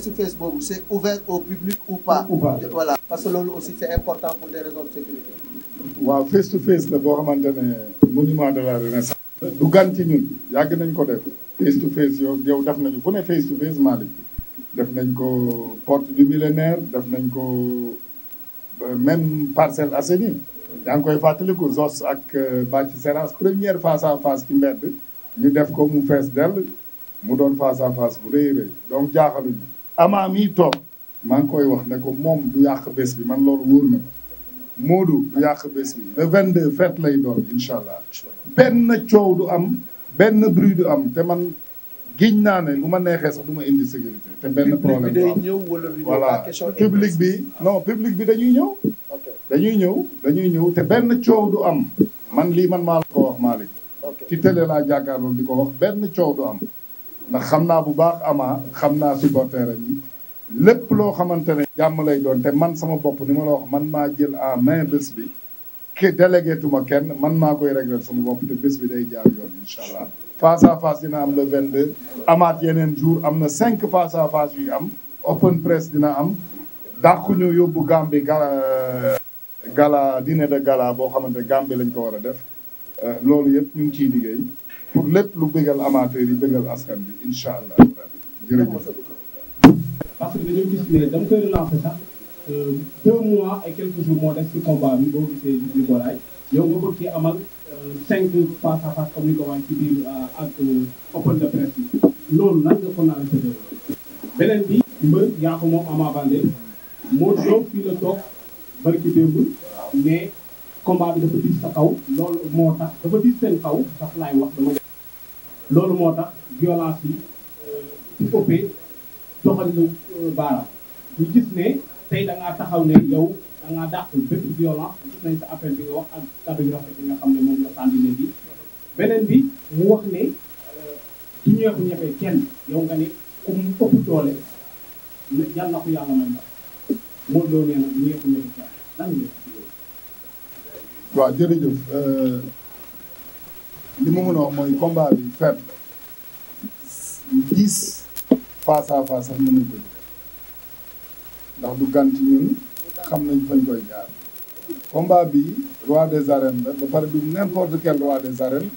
surface boobu c'est ouvert au public ou pas. ou pas voilà parce que loolu aussi c'est important pour des raisons de sécurité. waaw face to face la boo xamante ne monument de la renaissance. du gan ci ñun yàgg nañ ko def face to face yow def nañu fu ne face to face Malick def nañ ko porte du millénaire def nañ ko euh, même Parcelles Assainies yaa ngi koy fàttaliku Zos ak euh, Bathie Seras première face à face ci mbedd ñu def ko mu fees dell. mu doon face à face bu rëy rëy donc jaaxaluñu amaa mii toog maa ngi koy wax ne ko moom du yàq bés bi man loolu wóor na ma Moodu du yàq bés bi le 22 fête lay doon incha allah benn coow du am benn bruit du am te man giñ naa ne lu ma neexee sax du ma indi sécurité te benn problème du am voilà public bi non public bi dañuy ñëw dañuy ñëw dañuy ñëw te benn coow du am man lii man maa la ko wax Malick ci télé laa jàkkaarloo di ko wax benn coow du am ndax xam naa bu baax amaa xam naa supporter am yi lépp loo xamante ne jàmm lay doon te man sama bopp ni ma la wax man maa jël en main bés bi ki délégué tuma kenn man maa koy réglé sama bopp te bés bi day jaar yoon incha allah. face à face dina am le 22 amaat yeneen jour am na cinq face à face yu am open press dina am dàqu ñu yóbbu Gambie gala gala dîner de gala boo xamante Gambie lañ ko war a def euh, loolu yëpp ñu ngi ciy liggéey. pour lépp lu bëggal amateur yi bëggal askan bi incha allah rabbi parce que dañoo gis ne dama koy relancé sax euh, deux mois et quelques jours moo def ci combat bi boo gisee Nicolaay yow nga bëgg ci amal euh, cinq face à comme ni ko waxee ci biir euh, ak open de presse yi loolu nag nga ko naan tëddee beneen bi mbër yaa ko moom Ama Baldé moo toog fii la toog barki démb ne combat bi dafa diis sa kaw loolu moo tax dafa diis seen kaw sax laay wax dama loolu moo tax violence yi ci euh, ëppee joxal lu euh, baaraam ñu gis ne tey da taxaw ne yow da ngaa dàq bépp violence gis nañ sa appel bi nga wax ak kàddu yu rafet bi nga xam ne moom la sànni léegi beneen bi mu wax ne ki ñeexu ñefe kenn yow nga ne ku mu ëpp doole yàlla ko yàlla may ndax moo loo nee nag ñeexu ñefe kenn lan waaw jërëjëf euh, li ma mën a mooy combat bi faible dix face à face sax mën nañ ko ndax du gan ci ñun xam nañ fañ koy jaar combat bi roi des arènes la ba pare du n'importe quel roi des arènes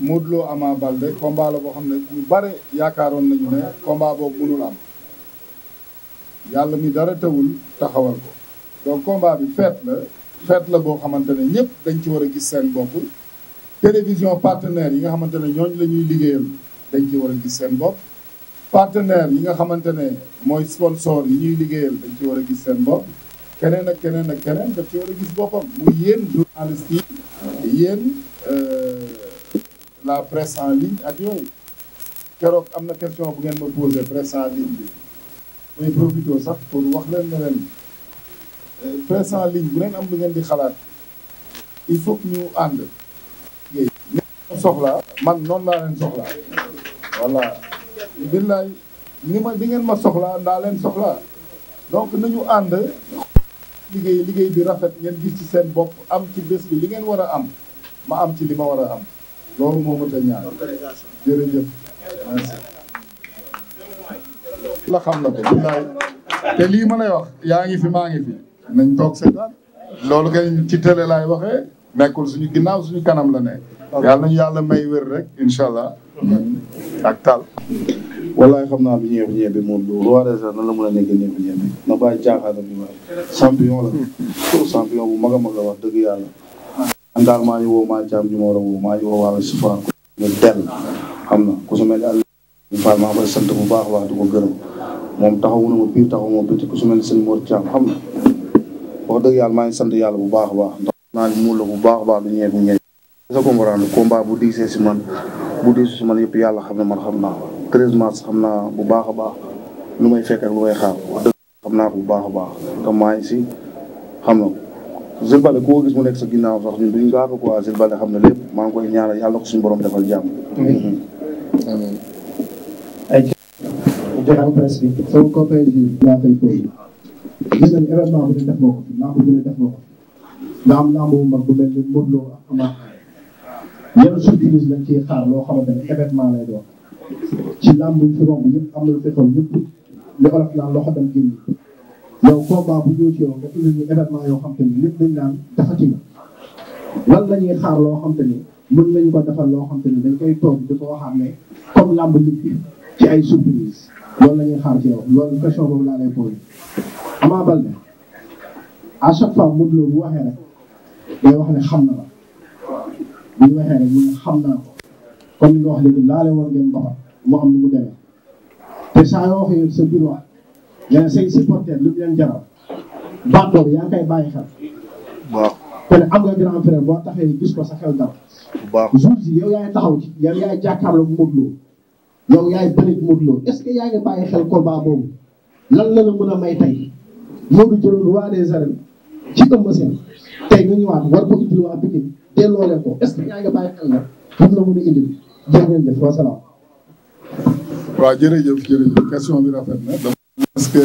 Modou Lo Ama Baldé combat la boo xam ne ñu bare yaakaaroon nañu ne combat boobu mënul am yàlla mi dara tawul taxawal ko donc combat bi feet la fête la boo xamante ne ñëpp dañ ci war a gis seen bopp télévision partenaire yi nga xamante ne ñooñu la ñuy liggéeyal dañ ci war a gis seen bopp partenaire yi nga xamante ne mooy sponsor yi ñuy liggéeyal dañ ci war a gis seen bopp keneen ak keneen ak keneen daf ci war a gis boppam mu yéen journaliste yi yéen euh, la presse en ligne ak yooyu keroog am na question bu ngeen ma posé presse en ligne bi muy profité sax pour wax leen ne leen président ligne bu ngeen am lu ngeen di xalaat il faut ñu ànd géey soxlaa man noonu laa leen soxlaa voilà billaay ni di ngeen ma soxlaa ndaa leen soxlaa donc nañu ànd liggéey liggéey bi rafet ngeen gis ci seen bopp am ci bés bi li ngeen war a am ma am ci li ma war a am loolu moo mënta ñaan jërëjëf la xam na ko billaay te lii ma lay wax yaa ngi fi maa ngi fi nañ toog seetaan loolu kay ci télé laay waxee nekkul suñu ginnaaw suñu kanam la ne yàlla nañu may wér rek incha allah ak taal wallaay xam naa bi ñëw ñebe moom lu war a sax nan na bàyyi jaaxaata bi waaye champion la pour champion bu mag a mag la dëgg yàlla man daal maa ngi woo maa a woo maa ngi woo wàlla sufaan ko xam na ku su mel ni sant bu baax wax di ko gërëm moom taxawu ma su mel ni xam na wax dëgg yàlla maa ngi sant yàlla bu baax a baax ndax naa ni muur la bu baax a baax du ñeer bu ñeer sa comprendre combat bu diisee si man bu diisee si man yëpp yàlla xam ne man xam naa treize mars xam naa bu baax a baax lu may fekk ak lu xam naa bu baax a baax te maa ngi si xam na Jules Baldé koo gis mu nekk sa ginnaaw sax ñun duñu gaaka quoi Jules Baldé xam ne lépp maa ngi koy ñaanal yàlla ko suñu borom defal jàmm amiin gis nañ événement bu ne def nga ko làmb bu ne def nga ko nga am làmb bu mag bu mel ni Modou Lo ak Ama yan surprise lañ ciy xaar loo xamante ne événement lay doon ci làmb yu fi romb yëpp am na lu fi xew yëpp li olof naan loxo dem génn yow combat bu ñëw ci yow nga indi ñu événement yoo xam te ni lépp dañ naan defati na lan la ñuy xaar loo xam te ni mën nañu ko defal loo xam te ni dañ koy toog di ko waxaat ne comme làmb nit ci ay surprise loolu la ñuy xaar ci yow loolu question boobu laa lay posé Ama Baldé à chaque fois Modou Lo bu waxee rek day wax xam na la bu waxee rek mu xam naa ko comme ni nga wax léegi laale woon ngeen mbaxal mu am lu mu demee te saa yoo waxee sa biir wax yeneen say supporter lu mu leen jaral baat boobu yaa ngi am nga grand boo taxee gis ko sa xel dara. waaw yow yaay taxaw ci yow yaay jàkkaarloog Modou mu yow yaay bëri Modou Lo est ce que yaa ngi bàyyi xel combat boobu lan la la mën a may tey. Modou jëloon roi des arènes ci Eumeu Sène tey nga ñëwaat war ko indil waa Pikine delloo leen est-ce que yaa ngi bàyyi xel la moom la mën a indil jërë jëf wa salaam. waaw jërëjëf jërëjëf question bi rafet parce que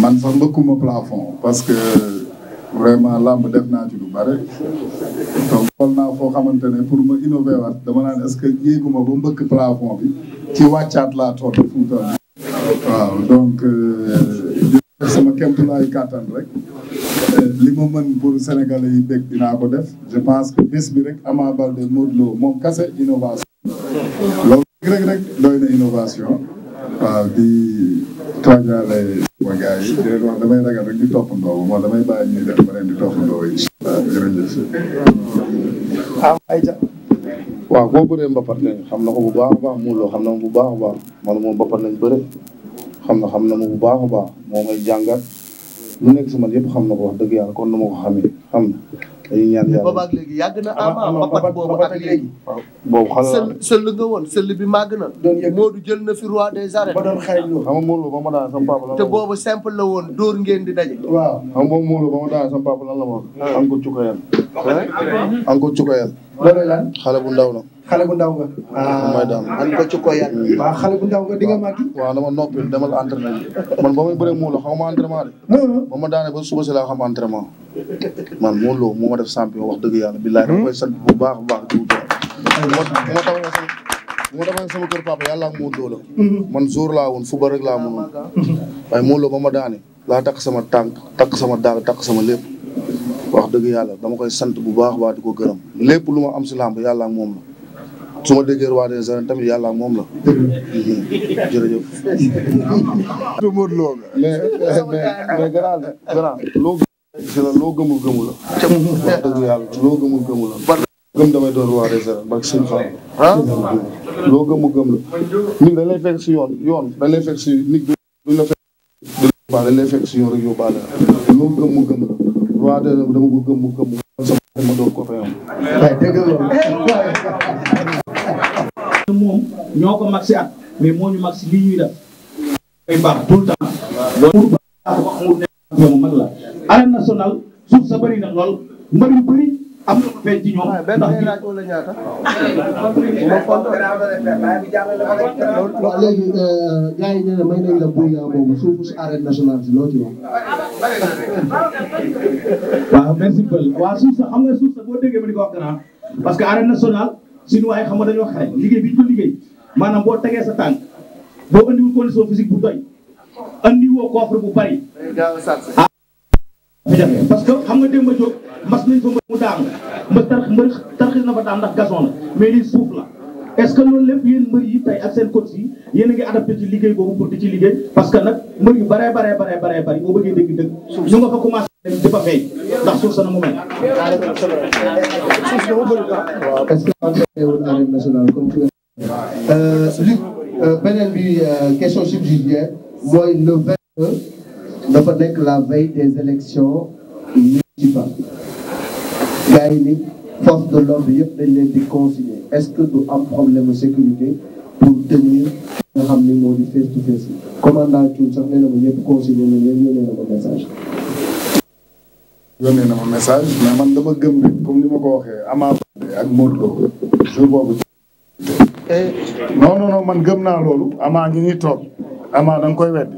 man fa mbëkkuma plafond parce que vraiment làmb def naa ci lu bare donc xool naa foo xamante ne pour ma o waat dama naan est-ce que yéeguma ba mbëkk plafond bi ci wàccaat laa toll fu waaw donc euh, sama kéem laay kàttan rek eh, li ma mën pour sénégalais yi bég dinaa ko def je pense que bés bi rek Ama Baldé Modou moom kase innovation loolu rek rek doy na innovation waaw di tooñaale ma yi di leen wax damay ragal rek di toppandoo moom damay bàyyi ñuy def ma leen di toppandoo incha allah jërëjëf am ayca waaw boo bëree mbapat xam na ko bu baax a baax Modou Lo xam na bu baax a baax man moom mbapat nañ bëre xam na xam na ma bu baax a baax moo may jàngat lu nekk si man yëpp xam na ko wax dëgg yàlla kon nu ma ko xamee xam na boobu ak léegi yàgg na ama papat boobu ak léegi boobu xale sëll nga woon sëll bi màgg na Modou jël na fi roi des arènes ba xam nga Modou ba ma daan sama papa la te boobu simple woon dóor ngeen di daje waaw xam la ma wax an ko cukoyal an bu ndaw na xale bu ndaw nga. mooy daan ah, ànd ko ci ko yàgg. waaw xale bu ndaw nga di nga dama la entraîné man ba muy bëree muuloo xaw ma entraînement ma daanee ba suba si laa xam entraînement man muuloo moo ma def champion wax dëgg yàlla billahi dama koy bu baax a baax jiw bi. bu ma defee sama kër papa yàlla ak mm-hmm. man jour laa woon fubar laa mënoon. Mm-hmm. waaye Modou ma daane. laa takk sama tànk takk sama daal takk sama lépp. wax dëgg yàlla dama koy sant bu baax a baax di ko gërëm lépp lu ma am si làmb yàlla moom la. su ma déggee roi des arènes tamit yàlla moom la. jërëjëf. du loo mais mais grand grand loo gëm la loo gëmul gëmul la. wax dëgg yàlla loo gëmul gëmul la. gëm damay doon roi des arènes barke ah? gëm la. nit dañ lay fekk si yoon yoon dañ lay fekk si yoon rek yóbbaale la. loo gëmul gëm roi des arènes dama ko gëmul gëmul. sama ma doon ko fayam. Eh, que moom ñoo ko mag si at mais moo ñu mag si lii ñuy def ay baax tout le loolu pour baax amul am na ko ci ñoom ndax wax léegi euh, gars yi ci wax waaw merci beaucoup waaw suuf sa boo déggee ma di ko wax parce que arène nationale suñu waaye xam nga dañoo xare liggéey bi ñu ko liggéey maanaam boo tegee sa tànk boo andiwul condition physique bu doy andiwoo coffre bu bari ah jafe parce que xam nga démb a jóg mas nañ fa mbër mu daanu mbër tar mbër tarxis na fa daan ndax gason mais lii suuf la est-ce que loolu lépp yéen mbër yi tey ak seen coach yi yéen a ngi adapté ci liggéey boobu pour di ci liggéey parce que nag mbër yu baree baree baree baree bëri boo bëggee dégg dëgg ñu nga fa commencé dafa béy ndax suuf sa na mu mel. suuf euh, dafa beneen bi euh, question subsidiaire mooy le vingt dafa nekk la veille des élections municipales. gars yi ni force de l'ordre yëpp dañ leen di consigner est-ce que du am problème de sécurité pour tenir nga xam ni moo di face to face commandant Thioune sax nee na ma ñëpp consigner na leen yónnee na ko yónnee na message man dama gëm ne comme ma ko waxee Ama ak Modou Lo boobu. Eh? non man gëm naa loolu Ama ngi ñuy toog Ama da nga koy weddi.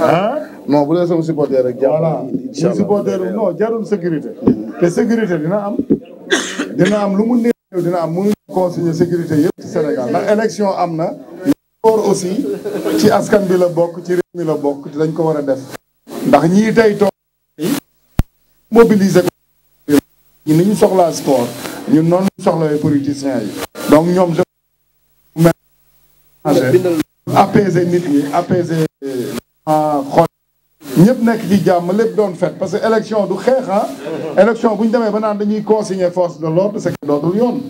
ah non bu dee sama supporter rek. voilà ñu supporter jarul sécurité. te sécurité dina am dina am lu mu néew dina am mënuñu consigner sécurité yëpp Sénégal ndax élection am na. sport aussi ci askan bi la bokk ci réew mi la bokk dañ ko war a def. ndax ñii tey mobiliser ko ñu ni ñu soxlaa sport ñun noonu ñu soxlawee politiciens yi donc ñoom je apaiser nit ñi apaiser xol ñëpp nekk ci jàmm lépp doon fet parce que élection du xeex ah uh-huh. élection bu ñu demee ba naan dañuy consigner force de l'ordre c'est que dootul yoon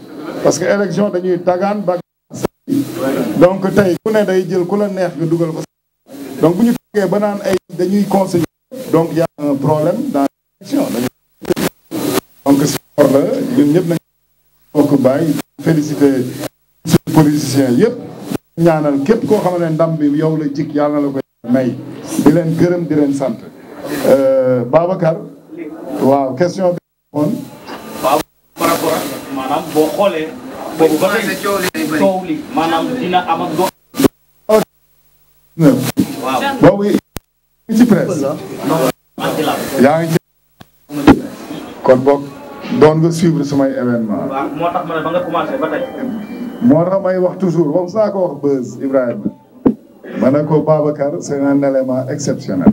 parce que élection dañuy tagaan ba donc tey ku ne day jël ku la neex nga dugal ko donc bu ñu toogee ba naan ay dañuy consigner donc y a problème dans donc sport la ñun ñëpp nañ bokk bàyyi félicité suñu politiciens yëpp ñaanal képp koo xam ne ndam bi yow la jik yàlla la ko may di leen gërëm di leen sant euh, Babacar waaw question bi moon xoolee ba tey ci presse yaa ngi kon boog doon nga suivre samay événement moo tax ma ne ba may wax toujours wax saa wax Beuz Ibrahima. ma ne ko Babacar c' est un élément exceptionnel.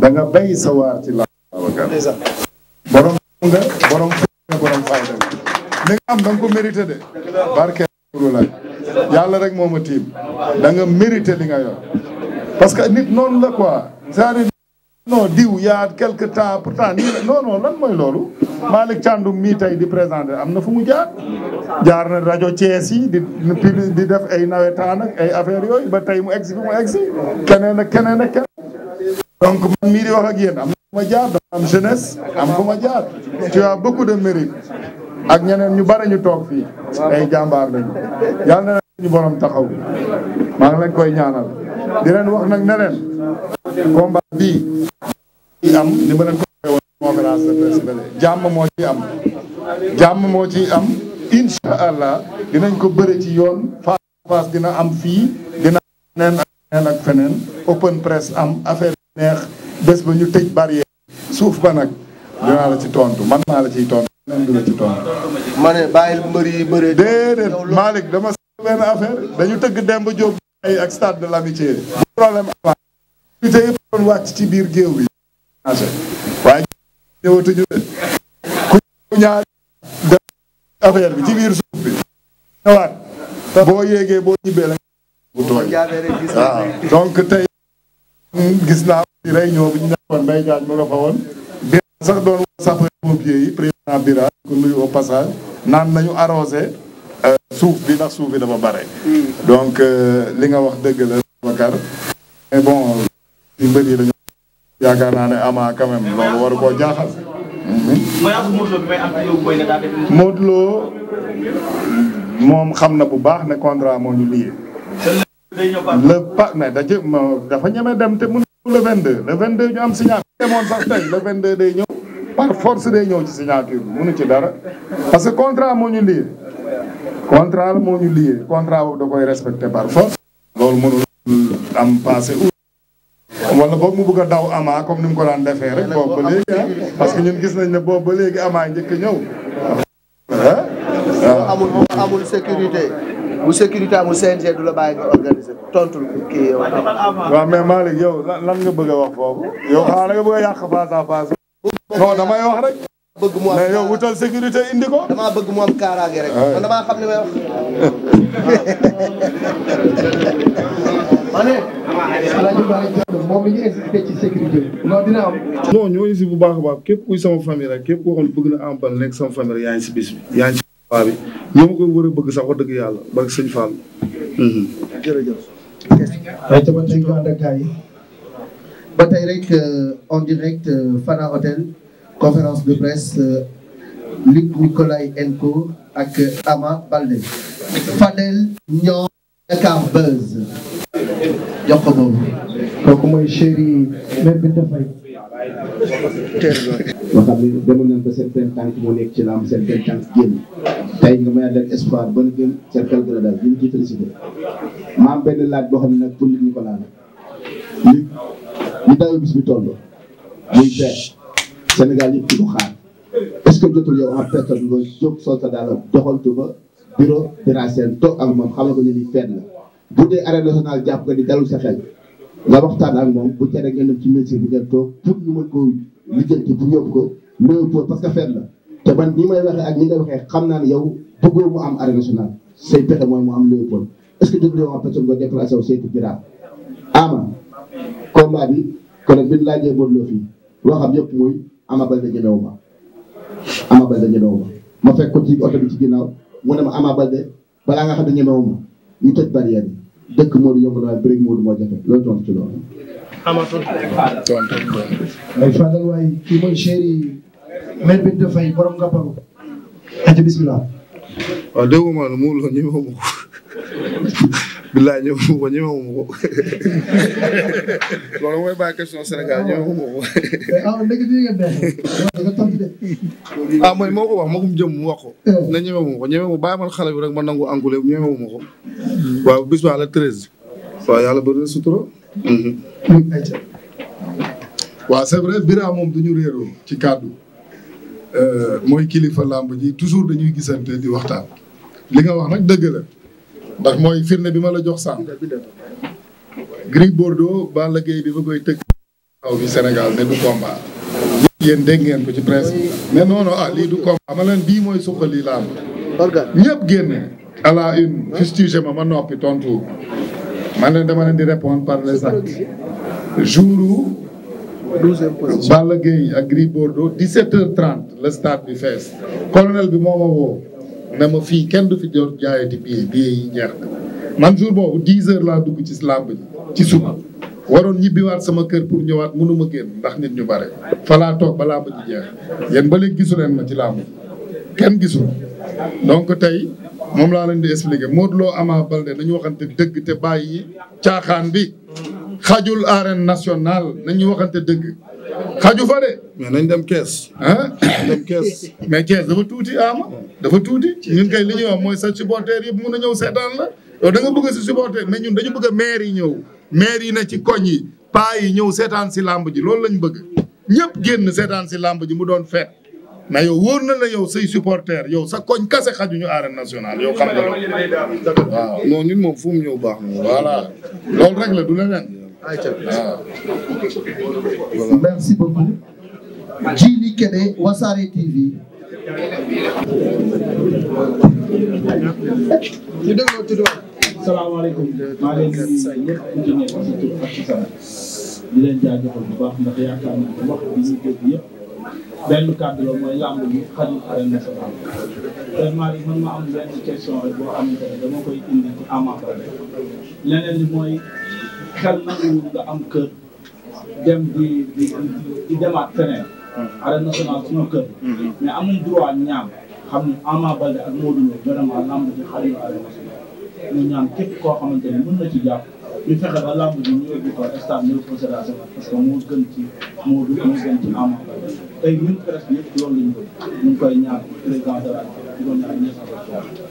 da nga béy sa waar ci la. Babacar borom nga borom nga borom fayda li nga am da ko mérité de. barke la yàlla rek moo ma tiim da nga li nga yo parce que nit noonu la quoi. non diw yaa quelque temps pourtant nii non non lan mooy loolu Malick Thiandoum mii tey di présenté am na fu mu jaar jaar na rajo Thiès yi di di def ay nawetaan ak ay affaire yooyu ba tey mu egsi fi mu egsi keneen keneen ak keneen donc man mii di wax ak yéen am fu ma jaar dama am jeunesse am fu ma jaar tu de mérite ak ñeneen ñu bari ñu toog fii ay jàmbaar lañu yàlla na ñu borom taxaw maa ngi koy ñaanal di leen wax nag ne leen combat bii ci am ni ma leen ko waxee woon conférence de presse bale jàmm moo ci am jàmm moo ci am incha allah dinañ ko bëre ci yoon face face dina am fii dina neen ak feneen open press am affaire neex bes ba ñu tëj barrière suuf ba nag dinaa la ci tontu man maa la ciy tontu man du la ci tontu. ma ne bàyyil bëree. déedéet Malick dama seetlu affaire dañu tëgg demb Diop ay ak stade de l'amitié. problème avant. unité ci biir géew bi waaye ñëwatuñu ku ñaar affaire bi ci biir suuf bi ñëwaat boo yéegee boo ñibbee la bu tooy waaw donc tey gis naa di rey ñoo ñu nekkoon fa woon bi sax doon woo sapeur pompier yi président bira ko nuyu au passage naan nañu arrosé euh, suuf bi ndax suuf bi dafa bare hmm. donc euh, li nga wax dëgg la Bakar mais bon ci mbër yi yaakaar naa ne Ama quand même loolu waru koo jaaxal. Modou Lo moom xam na bu baax ne contrat moo ñu lié. le pa mais da dafa ñeme dem te mënu le 22 le 22 ñu am signature demoon sax tey le 22 day ñëw par force day ñëw ci signature bi ci dara parce que contrat moo ñu lié contrat moo ñu lié contrat boobu da koy respecté par force loolu mënul am passé wala boog mu bëgg a daw Ama comme ni mu ko daan defee rek boobu ba léegi ah, parce que ñun gis nañ ne boobu ba léegi Ama njëkk a ñëw. waaw ah. amul sécurité bu sécurité amul CNG du la bàyyi nga organiser tontul kii wax waaw mais Malick yow lan nga bëgg a wax foofu yow xanaa nga bëgg a yàq face à face. damay wax rek. mais yow wutal sécurité indi ko. bëgg mu am kaaraange rek. man damaa xam ne may wax. ma ne. Alaaji ci sécurité non ngi si bu baax a baax képp kuy sama famille rek képp koo bëgg na ambal nekk sama famille yaa ngi si bis bi yaa ngi si waa bi ñoo ma war a bëgg sax wax dëgg yàlla barke sëñ Fall. Mhm. jërëjëf. waaye tamit suñu ànd ba tey rek euh, en direct euh, Fana Hôtel de presse euh, Luc Nicolaï Enco ak Ama Baldé Fadel ñoo Dakar Buzz jox ko boobu kooku mooy chéri mère Binta Faye ma xam ne demoon génn tey ba na gën ñu ngi ciy ma benn laaj boo xam ne nag pour nit ñi ko laal li li dayo bis bi toll muy feer Sénégal yëpp ci xaar est-ce que jotul yow en personne nga jóg sol daal doxantu ba bureau de la seen toog ak moom xamal ko ne ni feet la bu dee arène nationale jàpp nga di dalul sa xel nga waxtaan ak moom bu cere ngeen dem ci métier bi ngeen toog pour ñu mën ko liggéey pour yóbbu ko néew pour parce que feet la te man ni may waxee ak ni nga waxee xam naa ne yow bëggoo mu am arène nationale say pexe mooy am Léopold est-ce que déglu woon personne nga bi kon bi ñu laajee bon loo fii yëpp mooy Ama Baldé ñemewu ma Ama Baldé ñemewu ma ma fekk ko ci oto bi ci ginnaaw mu ne ma Ama Baldé balaa nga xam ne ñemewu ma ñu tëj barrière bi dëkk Modou yomb naa bëri Modou moo jafe loolu tontu ci loolu. amatul ay Fadal waay kii mooy chéri mel bi dafay borom nga paru. aja bismillah. waaw dégg nga maanaam Mawla ñu bilaay ñëw mu ko ñëw mu loolu mooy bàyyi question Sénégal ñëw mu ah, ah man moo ko wax moo ko jëm mu wax ko. ne ñëw mu ko ñëw mu man bi rek ma nangu angule ñëw mu waaw bis ba la treize. waaw yàlla bëri na sutura. Mhm. waaw c'est vrai Bira moom du ñu ci kàddu. Euh, mooy kilifa làmb ji toujours dañuy gisante di waxtaan. li nga wax nag dëgg la. ndax mooy firnde bi ma la jox sànq. Gris Bordeaux Balla Gaye bi ba koy tëgg. bi Sénégal ne du combat. yéen dégg ngeen ko ci presse bi. mais non non ah lii du combat ma leen bii mooy suqali laa am. ñëpp génn. à une fustigé ma ma noppi tontu. man leen dama leen di répondre par les actes. jour douzième position Balla Gaye ak Gris Bordeaux 17h30 le stade bi fees. colonel bi moo ma na ma fii kenn du fi jor jaayati billet billet yi jeex na man jour boobu 10 heures laa dugg ci làmb ji ci suba waroon ñibbiwaat sama kër pour ñëwaat mënuma génn ndax nit ñu bare fa laa toog ba làmb ji jeex yéen ba léegi gisu leen ma ci làmb kenn gisul donc tey moom laa leen di expliquer Modou Lo Ama Baldé nañu waxante dëgg te bàyyi caaxaan bi xajul arène nationale nañu waxante dëgg xaju fa de. mais nañ dem kees. ah nañ dem kees. mais kees dafa tuuti ama dafa tuuti ñun kay li ñuy wax mooy sa supporter yëpp mun a ñëw seetaan la yow da nga bëgg si supporter mais ñun dañu bëgg a maire yi ñëw maire yi na ci koñ yi paa yi ñëw seetaan si làmb ji loolu lañ bëgg ñëpp génn seetaan si làmb ji mu doon feet mais yow wóor na la yow say supporter yow sa koñ kase xaju ñu arène nationale yow xam nga loolu. waaw non ñun moom fu mu ñëw baax na. voilà loolu rek la du leneen. merci beaucoup Djily Kébé Wassare TV ñu dégloo tudd salaamaaleykum maa leen di ñëpp ku ci nekk ci tur ak ci sant di leen jaajëfal bu baax ndax yaakaar naa wax bi ñu dégg yëpp la mooy làmb bi xajul arène nationale li man ma am benn question rek boo xamante ne dama koy mooy xel nanguwul nga am kër dem di di di demaat feneen. Mm-hmm. arène nationale kër. Mm-hmm. mais amuñ droit ñaan xam ne Ama Baldé ak Modou Lo vraiment lamb ji xale yu arène nationale ñu ñaan képp koo xamante ne mën na ci jàpp. ñu fexe ba lamb ji ñu yóbbu ko stade ñu procédure parce que moo gën ci Modou moo gën ci Ama Baldé tey ñun presque yëpp loolu la ñu bëgg koy ñaan président de la République di ko ñaan ñëpp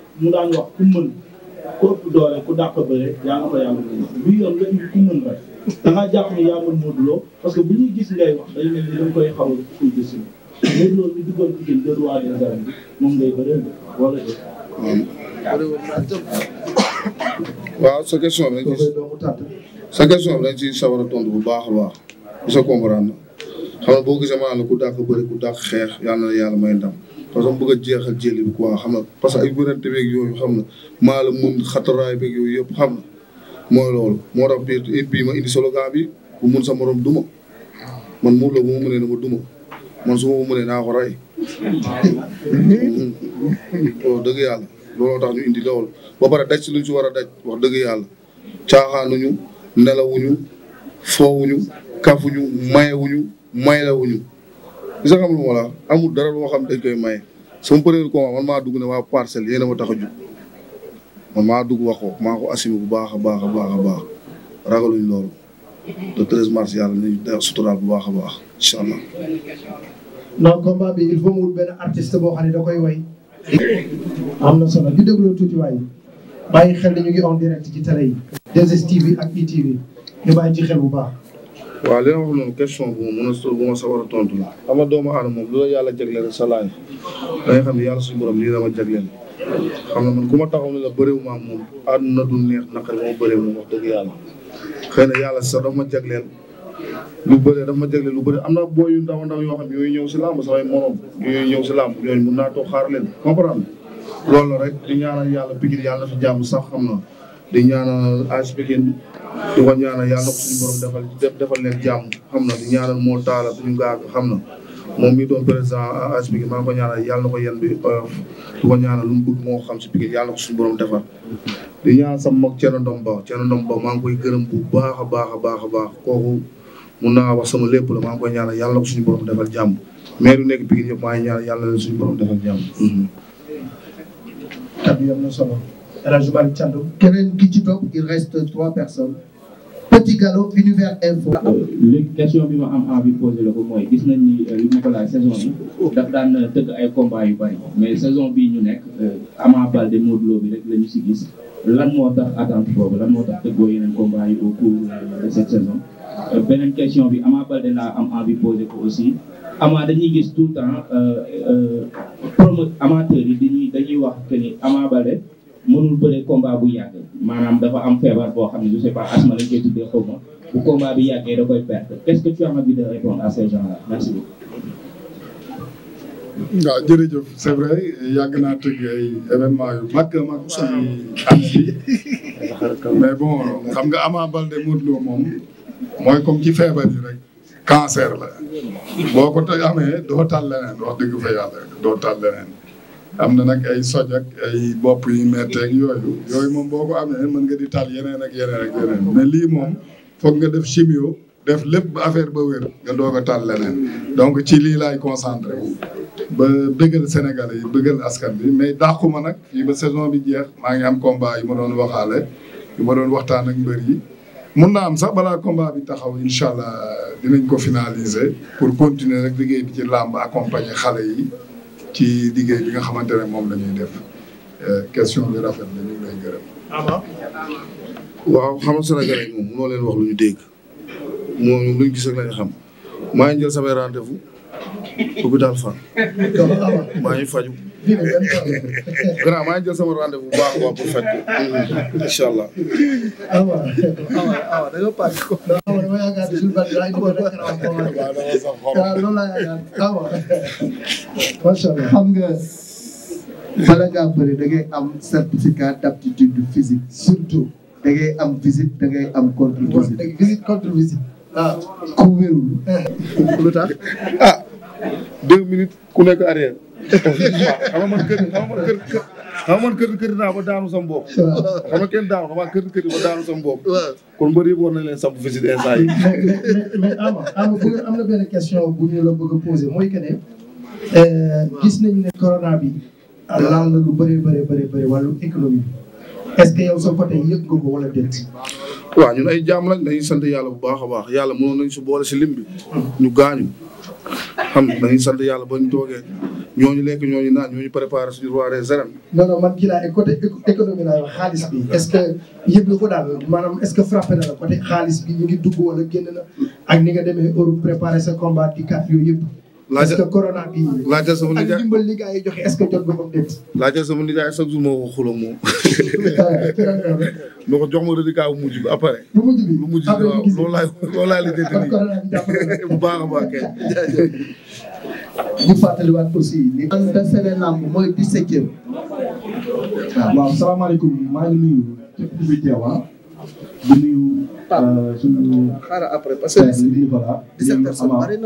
mu daan wax ku mën ku ëpp doole ku dàq bëre yaa nga ko yàlla mën bii nga indi ku mën rek da ngaa jàpp ne yaa mën Modou parce que bu ñuy gis ngay wax dañu mel ni dañ koy xaw a kuy gis Modou Lo ñu duggoon ci deux bi moom ngay bëreel wala waaw sa question bi dañ ciy sa question bi dañ ciy sawar a tontu bu baax a baax bisa comprendre xam nga boo gisee maanaam ku dàq bëri ku dàq xeex yàlla na yàlla may ndam parce que mu bëgg a jeexal jëli bi quoi xam nga parce que ay wérante beeg yooyu xam na maa la mun xataraay beeg yooyu yëpp xam na mooy loolu moo tax biir bii ma indi gaa bi bu mun sa moroom duma man muur la mu ma mënee na ma duma man su ma ko mënee naa ko rey. wax dëgg yàlla looloo tax ñu indi loolu ba pare daj si luñ si war a daj wax dëgg yàlla caaxaanuñu nelawuñu foowuñu kafuñu mayewuñu maylewuñu gis nga lu ma la amul dara loo xam dañ koy maye sama premier combat man maa dugg ne waa parcelle yéen a ma tax a jug man maa dugg wax ko maa ko bu baax a baax a baax a baax ragaluñ loolu le 13 mars yàlla nañu suturaal bu baax a baax incha allah. non combat bi il faut mu wut benn artiste boo xam ne da koy way. am na solo di déglu tuuti waay bàyyi xel ni ñu ngi en direct ci télé yi. 2STV ak ITV ñu bàyyi ci xel bu baax. waaw li nga wax noonu question bu ma mën a bu ma sawar a tontu la xam nga doomu aadama moom lu yàlla jagleel sa laay da nga xam ne yàlla suñu borom lii ma jagleel xam na man ma taxaw ne la bëriwu ma moom àdduna du neex naqari ma bëree moom wax dëgg yàlla xëy na yàlla sax dafa ma jagleel lu bëree dafa ma jagleel lu bëri am na booy yu ndaw ndaw ñëw si làmb samay morom yooyu ñëw si làmb ñooñu mun naa toog xaar leen comprendre loolu rek di ñaanal yàlla pikir yàlla na fi jàmm na di ñaanal AS Pikine di ko ñaanal yàlla na ko suñu xam na di ñaanal moo taala suñu xam na moom mi doon président AS Pikine maa ngi ko yàlla ko yen bi di lu mu moo xam si Pikine yàlla ko suñu borom defal di ñaanal sama mag Thierno Ndomba Thierno Ndomba maa ngi a baax baax baax kooku mun naa wax sama lépp la maa ngi koy yàlla na ko suñu borom defal nekk Pikine yëpp maa ngi ñaanal yàlla na leen suñu borom defal jàmm. Hmm. kàddu yi El Hadj Malick Thiandoum. keneen ki ci topp il reste trois personnes. Petit Gallo Univers Info. Euh, léegi question bi ma am envie posé la ko mooy gis nañ ni li euh, mu ko laaj saison bi daf daan euh, mais saison bii ñu nekk Ama Baldé Modou Lô bi rek la ñu si gis lan moo tax attente boobu lan moo tax tëggoo yeneen combats yi au cours de cette saison. beneen question bi Ama Baldé laa am envie posé ko aussi Ama dañuy gis tout le temps promo amateurs yi dañuy dañuy wax que ni mënul bëre combat bu yàgg maanaam dafa am feebar boo xam ne je sais pas asma lañ koy bi yàggee da koy perte qu'est-ce que tu jërëjëf c'est yàgg naa tëgg ay événement yu mag mag si at bi mais bon xam nga Ama Baldé Modou Lo moom mooy comme ci feebar yi rek cancer la boo ko amee doo tal leneen wax dëgg fa yàlla doo tal leneen. am na nag ay soj ak ay bopp yu metteeg yooyu yooyu moom boo ko amee mën nga di tal yeneen ak yeneen ak yeneen lii moom foog nga def chimio def lépp ba affaire ba wér nga doog a le neen donc ci lii laay concentré ba bëggal sénégal yi bëggal askan bi mais dàquma nag fii ba saison bi jeex maa ngi am combat yu ma doon waxaale yu ma doon waxtaan ak mbër yi mun na am sax balaa combat bi taxaw incha allah dinañ ko finaliser pour continuer rek liggéey bi ci làmb accompagner xale yi ci liggéey bi nga xamante ne moom la ñuy def euh, question bi rafet na ñu ngi lay gërëm. Ah waaw xam nga Sénégalais yi moom mënoo leen wax lu ñu dégg moom lu ñu gis rek xam maa ngi jël samay rendez-vous hôpital Fann maa faju bii nag yan temps la. grand maa ngi jël sama rendez-vous bu baax a baax pour fekk ko. Mm-hmm. incha allah. ah waaw ah waaw da nga paase ko. ah waaw dama yaakaar ne suñu bàtt daañu ko war a xaram xaw ma. waaw loolu laa yaakaar ah waaw. macha allah xam nga bala ngaa bëri da ngay am certificat d'aptitude physique surtout da ngay am visite da ngay am contre visite. visite contre visite. ah ku wérul. Eh. lu tax ah deux minutes ku nekk arrière. waaw man kër xam kër naa ba daanu sam bopp. waaw xam nga kenn daanu xam nga kër kër ba daanu sam bopp. waaw kon mbër yëpp war leen samp visite instant mais mais mais Ama Ama am na benn a posé mooy que ne. Euh, gis nañu ne corona bi. laal na lu bëree bëri bëri bëri wàllu économie. est-ce que yow yëg nga ko wala déet. waaw ñun ay jaam lañ dañuy sant yàlla bu baax a baax yàlla mënoon nañ si boole si lim hmm. ñu gaañu xam dañuy sant yàlla ba ñu toogee. ñooñu lekk ñooñu naan ñooñu préparé suñu roi des arènes. non non man kii laa côté économie laa wax xaalis bi est ce que yëg nga ko daal maanaam est ce que frappé na la côté xaalis bi ñu dugg wala génn na ak ni nga demee Europe préparé sa combat di kat yooyu yëpp. laajal que corona bii. laajal sama nijaay li gars yi joxe est que jot nga ko sama nijaay chaque jour moo moom. waaw ko ma reliquat mujj bi après. mujj bi bu mujj bi waaw loolu laay loolu laay la jënd aussi mooy dix-septième. waaw waaw salaamaaleykum maa ngi nuyu képp ku fi ah. Pape euh, xaaral après parce que 17 personnes bari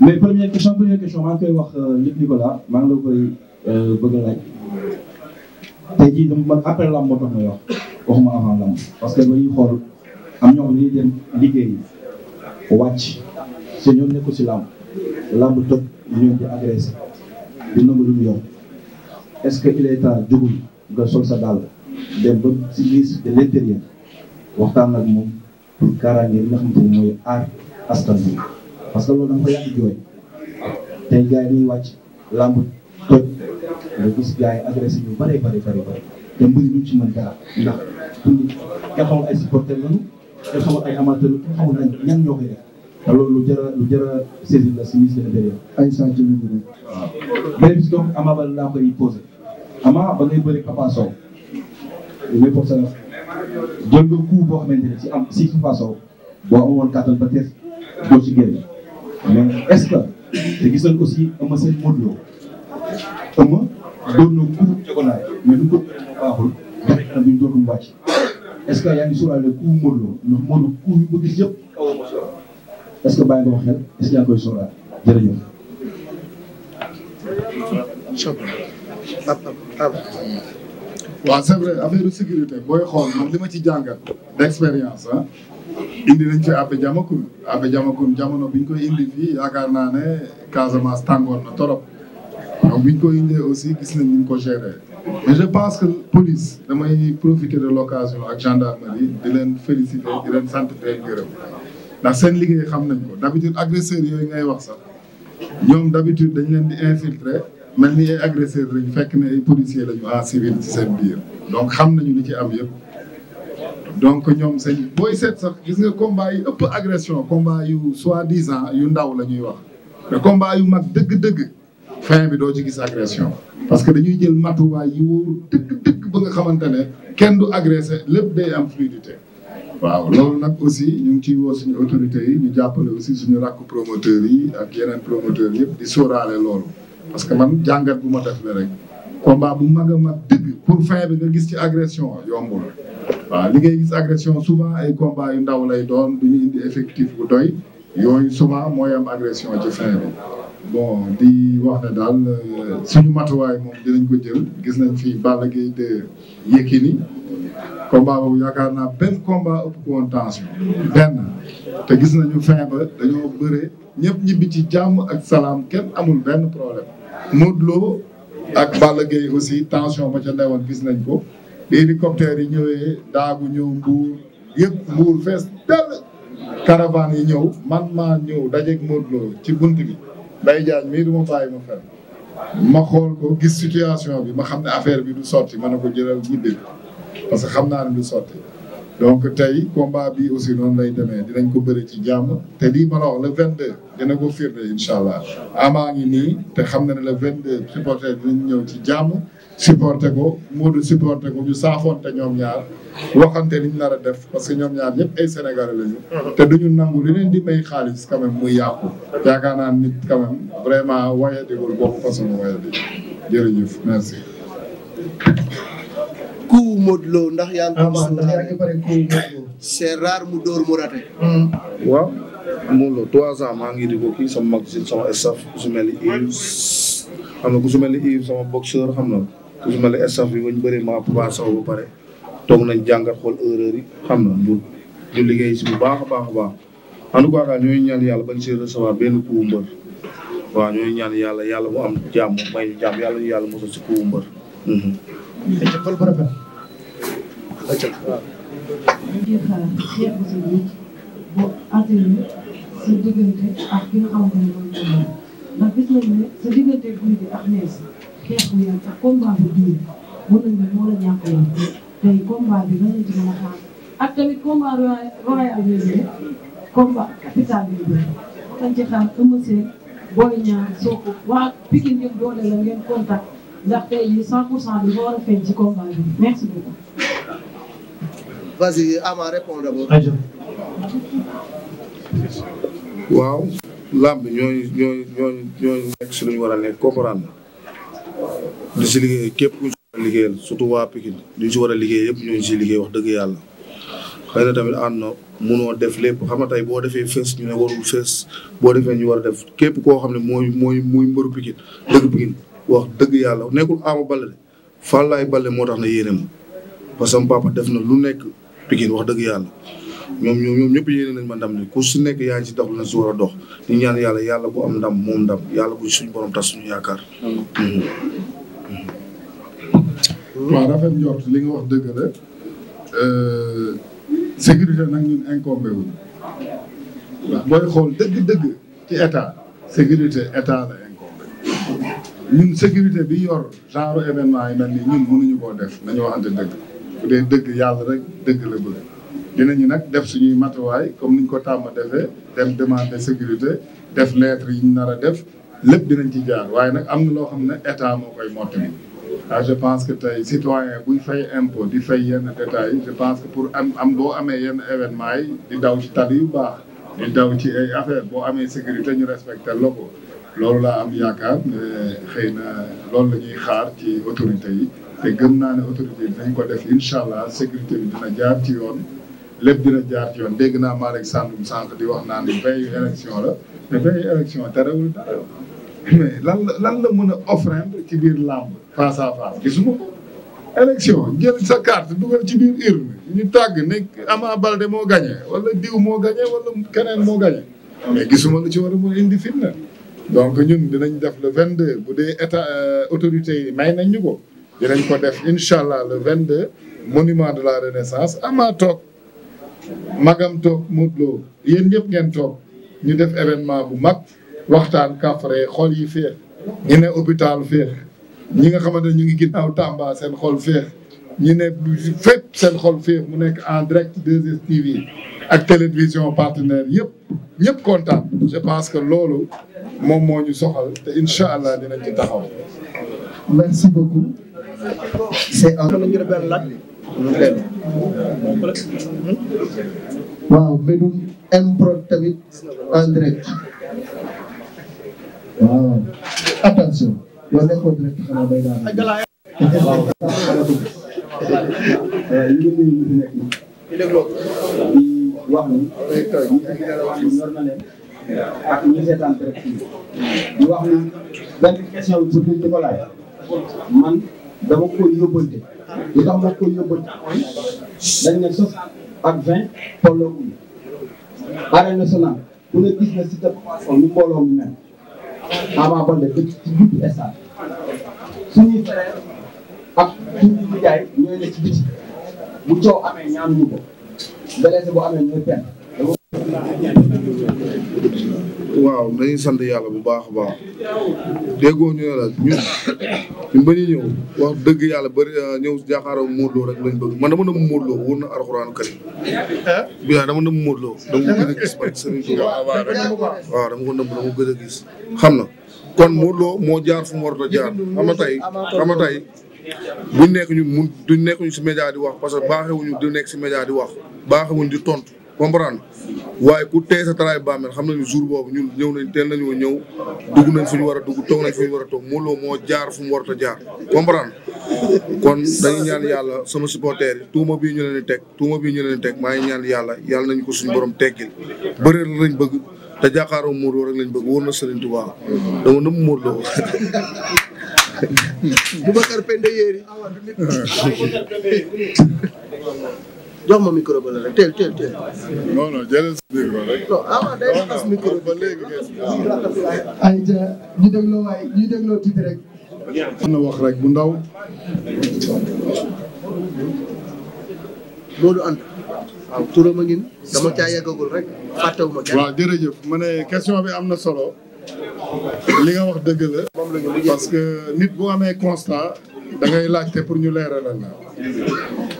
mais première question première question maa wax Luc euh, Nicolas maa ngi koy euh, bëgg a laaj. tey jii dama man après lamb moo tax may wax waxuma avant parce que ba ñuy xool am ñoo xam liggéey wàcc te ñoom nekkul si lamb lamb toj ñoom di agressé di nangu lu mu est-ce que il est temps jógul nga sol sa dem ba si ministre de l'intérieur waxtaan ak moom pour kaaraange li nga mooy aar askan bi parce que loolu da nga ko yàgg jooy tey gars yi wàcc làmb toj nga gis gars yi agressé ñu bëree bëri bëri bëri te mbir ñu ci mën ndax duñu nga xamul ay supporter lañu xamul ay amateur nga xamul ay ñan ñoo te loolu lu jar a lu jar a saisir la si ministre de l'intérieur ay sant ñu waaw beneen bis donc Ama Baldé laa koy posé Ama ba ngay bëri Papa Sow ñëpp sa jël nga coup boo xamante ne ci am si façon boo amoon kàttan peut-être doo ci génn mais est-ce que te gis nañ aussi am na seen Modou Lo am doon na coup jogolaay mais lu ko bëree moo baaxul yaa ngi sóoraale coup Modou Lo ndax Modou Lo coup yëpp kaw bàyyi nga xel est yaa ngi koy sóoraale waaw c'est vrai affaire sécurité booy xool man li ma ci jàngat d'expérience ah indi nañ fi Abbé Diamacoune Abbé Diamacoune jamono bi ñu koy indi fii yaakaar naa ne Casamance tàngoon na torop donc koy indee aussi gis nañ ni ko gérer mais je pense que police damay profiter de l'occasion ak gendarmerie di leen féliciter di leen sant di leen gërëm ndax seen liggéey xam nañ ko d'habitude agresseurs yooyu ngay wax sax ñoom d'habitude dañ leen di infiltrer mel ni ay agresseur lañu fekk ne ay policier lañu en civil ci seen biir donc xam nañu li ci am yëpp donc ñoom sëñ booy seet sax gis nga combat yi ëpp agression combat yu soi-disant yu ndaw la ñuy wax mais yu mag dëgg-dëgg fin bi doo ci gis agression parce que dañuy jël matuwaay yi dëgg-dëgg ba nga xamante ne kenn du agressé lépp day am fluidité waaw loolu nag aussi ñu ngi ciy woo suñu autorités yi ñu jàppale aussi suñu rakk promoteurs yi ak yeneen promoteur yëpp di sóoraale loolu parce que man jàngat bu ma def rek combat bu mag a mag dëgg pour fin bi nga gis ci agression yombul waaw li ngay gis agression souvent ay combat yu ndaw lay doon du ñu indi effectif bu doy yooyu souvent mooy am agression ci fin bi bon di wax ne daal euh, suñu matuwaay moom dinañ ko jël gis nañ fi Balla Gaye de Yékini combat boobu yaakaar naa benn combat ëpp ko woon tension benn te gis nañu fin ba dañoo bëre ñëpp ñibbi ci jàmm ak salaam kenn amul benn problème Modou ak Balla Gaye aussi tension ba ca newoon gis nañ ko bi hélicoptère yi ñëwee daagu ñëw mbuur yëpp mbuur fees dell caravane yi ñëw man maa ñëw dajeeg Modou ci bunt bi day jaañ mii du ma bàyyi ma ma xool ko gis situation bi ma xam ne affaire bi du sotti ma ne ko jëlal guddi bi parce que xam naa ne du sotti donc tey combat bi aussi noonu lay demee dinañ ko bëre ci jàmm te lii ma la wax le 22 dina ko firnde incha allah amaa ngi nii te xam na ne le 22 supporter dinañ ñëw ci jàmm supporter ko Modou supporter ko ñu saafoonte ñoom ñaar waxante li ñu nar a def parce que ñoom ñaar ñëpp ay sénégalais lañu. Mhm. te duñu nangu li leen di may xaalis quand même muy yàqu. yaakaar naa nit quand même vraiment waye dégul boobu façon waye di jërëjëf merci. coup Modou ndax yaa ngi. amaat ndax yaa ngi pare coup Modou Lo. c'est rare mu dóor mu raté. Hmm. waaw Modou Lo trois ans maa ngi di ko kii sama mag si sama staff ku su mel ni xam na ku su mel ni Yves sama boxeur xam na ku su mel ni bi ba bëri bëree maa Papa Sow ba pare toog nañ jàngat xool erreur yi xam na ñu liggéey si bu baax a baax a baax en tout cas daal ñooy ñaan yàlla bañ si recevoir benn coup mbër. waaw ñooy ñaan yàlla yàlla mu am jàmm may ñu jàmm yàlla ñu yàlla mosal si coup mbër. Hmm. ëllëg. di xaar xeex bu si wut bu atténué sa diggante ak ki nga xamante ne mooy combat ndax gis nañu ne sa diggante guy bi ak nees xeex bu yàgg ak combat bu diir mën nañu ne moo la ñàkk a yàq tey combat bi lan lañ ci mën a xaar ak tamit combat royal bi ne combat capital bi ñu doon ci xaar Eumeu Sène Boy Niang Sokh waa Pikine ñëpp doole la ngeen contact ndax tey jii 100 pour cent bi nga war a feeñ ci combat bi merci beaucoup. vas-y Ama réponds d'abord. waaw. làmb ñooñu ñooñu ñooñu ñooñu nekk si lu ñu war a nekk comprendre na di si liggéey képp ku ñu si war a waa Pikine li si war a liggéey yëpp ñooñu si liggéey wax dëgg yàlla. xëy na tamit ànd na munoo def lépp xam nga tey boo defee fees ñu ne warul fees boo defee ñu war a def képp koo xam ne mooy mooy muy mbëru Pikine dëgg Pikine wax dëgg yàlla nekkul Ama Baldé de Fallaye Baldé moo tax na yéene parce que sama papa def na lu nekk Pikine wax dëgg yàlla ñoom ñoom ñoom ñëpp yéene nañ ma ndam li ku si nekk yaa si ci na si war a dox di ñaan yàlla yàlla bu am ndam moom ndam yàlla bu suñu borom tas suñu yaakaar. Hmm. waaw rafet njort li nga wax dëgg la euh, sécurité nag ñun incombé wuñ ndax booy xool dëgg-dëgg ci état sécurité état la incombé ñun sécurité bi yor genre événement yi na nii ñun mënuñu koo def nañu waxante dëgg. bu dee dëgg yàlla rek dëgg la bëgg dinañu nag def suñuy matuwaay comme niñ ko tàmm defee dem demande de sécurité def lettre yi ñu nar a def lépp dinañ ci jaar waaye nag am na loo xam ne état moo koy mottali ah je pense que tey citoyen buy fay impôt di fay yenn détails je pense que pour am am boo amee yenn événement yi di daw ci tali yu baax di daw ci ay affaire boo amee sécurité ñu respecter la ko loolu laa am yaakaar xëy na loolu la ñuy xaar ci autorité yi te gëm naa ne autorité bi dinañ ko def incha allah sécurité bi dina jaar ci yoon lépp dina jaar ci yoon dégg naa Malick Sandoum sànq di wax naan veille élection la te veille élection terewul dara mais lan la mën a offrendre ci biir làmb face à face gisuma ko élection jël sa carte dugal ci biir urne ñu tàgg ne amaa balde moo gagné wala diw moo gagné wala keneen moo gagné mais gisuma lu ci war a mën indi fitna donc ñun dinañ def le 22 bu dee état euh, autorité yi may nañ ñu ko dinañ ko def incha allah le 22 monument de la renaissance ama toog magam toog Modou Lo yéen ñëpp ngeen toog ñu def événement bu mag waxtaan kafre xol yi féex ñu ne hôpital féex ñi nga xamante ne ñu ngi ginnaaw Tamba seen xol féex ñu ne fépp seen xol féex mu nekk en direct 2STV ak télévision partenaire yëpp ñëpp kontaan je pense que loolu moom moo ñu soxal te incha allah dinañ ci taxaw merci beaucoup c'est un. waaw Médoune Improd tamit en direct. waaw attention yow nekkoo direct waaw. ñu ngi nuyu ñu fi nekk di wax ni. ñor na leen. ak ñi seetaan direct wax ni benn question pour ñu dama koy yóbbante li tax ma koy yóbbante dañ ne sos ak vingt tolloowuñu arène nationale ku ne gis na si ta façon ni mbooloo mi mel Ama Baldé dëkk ci guddi stade suñuy frère ak suñu nijaay ñooy ne ci biti bu coow amee ñaan ñu ko blessé bu amee ñooy perte waaw dañuy sant yàlla bu baax a baax déggoo ñu ne la ñun ñun wax dëgg yàlla bari euh, ñëw jàkkaaroo Modou Lo rek bëgg man dama nam Modou Lo wóor na alxuraanu karim bi dama nam dama ko gën a gis ba Serigne Touba waaw dama ko nam dama ko gën a xam na kon Modou moo jaar fu mu war a jaar xam na tey buñ nekk ñu mun duñ nekk ñu si média di wax parce que baaxewuñu du nekk si média di wax baaxewuñ di tontu comprendre waaye ku tey sa taraay bàmmeel xam ñu jour boobu ñu ñëw nañ teel nañoo ñëw dugg nañ fu ñu war a dugg toog nañ fu ñu war a toog moo jaar fu mu warut a jaar comprendre kon dañuy ñaan yàlla sama supporter yi tuuma bii ñu leen di tuuma bii ñu leen di teg maa ngi ñaan yàlla yàlla nañ ko suñu borom teggil bëre la lañ bëgg te jàkkaaroo Modou Lo rek lañ bëgg wóor na Serigne Touba dama nëbb Modou Lo Boubacar jox ma micro ba la rek teel teel teel. non non jëlal sa ah ba léegi. ay ñu dégloo rek. mën na wax rek bu ndaw. Modou Anta. waaw turam a ngi dama caa yeggagul rek fàttewuma kenn. jërëjëf ma ne question bi am na solo. li nga wax dëgg la. parce que nit bu amee constat. da ngay laajte pour ñu leeralal la.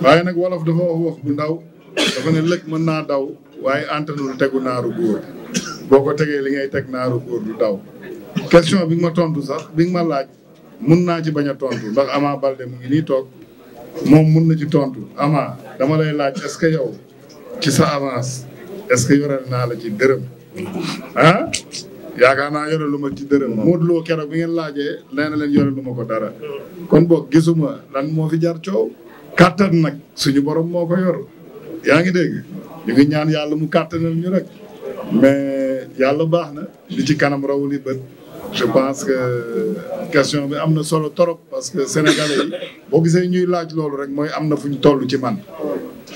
waaye nag wolof dafa wax wax bu ndaw dafa ne lëg mën naa daw waaye antanul tegu naaru góor boo ko tegee li ngay teg naaru góor du daw question bi nga ma tontu sax bi ma laaj mun naa ci bañ a tontu ndax Ama Balde mu ngi nii toog moom mun na ci tontu Ama dama lay laaj est-ce que yow ci sa avance est-ce que yorel naa la ci dërëm ah yaakaar naa yore lu ma ci dërëm mm-hmm. Modou Lo keroog bi ngeen laaje nee leen yore lu ma ko dara kon boog gisuma lan moo fi jar coow kattan nag suñu borom moo ko yor yaa ngi dégg ñu ngi ñaan yàlla mu kàttanal ñu rek mais yàlla baax na li ci kanam rawuli bët je pense que question bi am na solo trop parce que sénégalais yi boo gisee ñuy laaj loolu rek mooy am na fu ñu toll ci man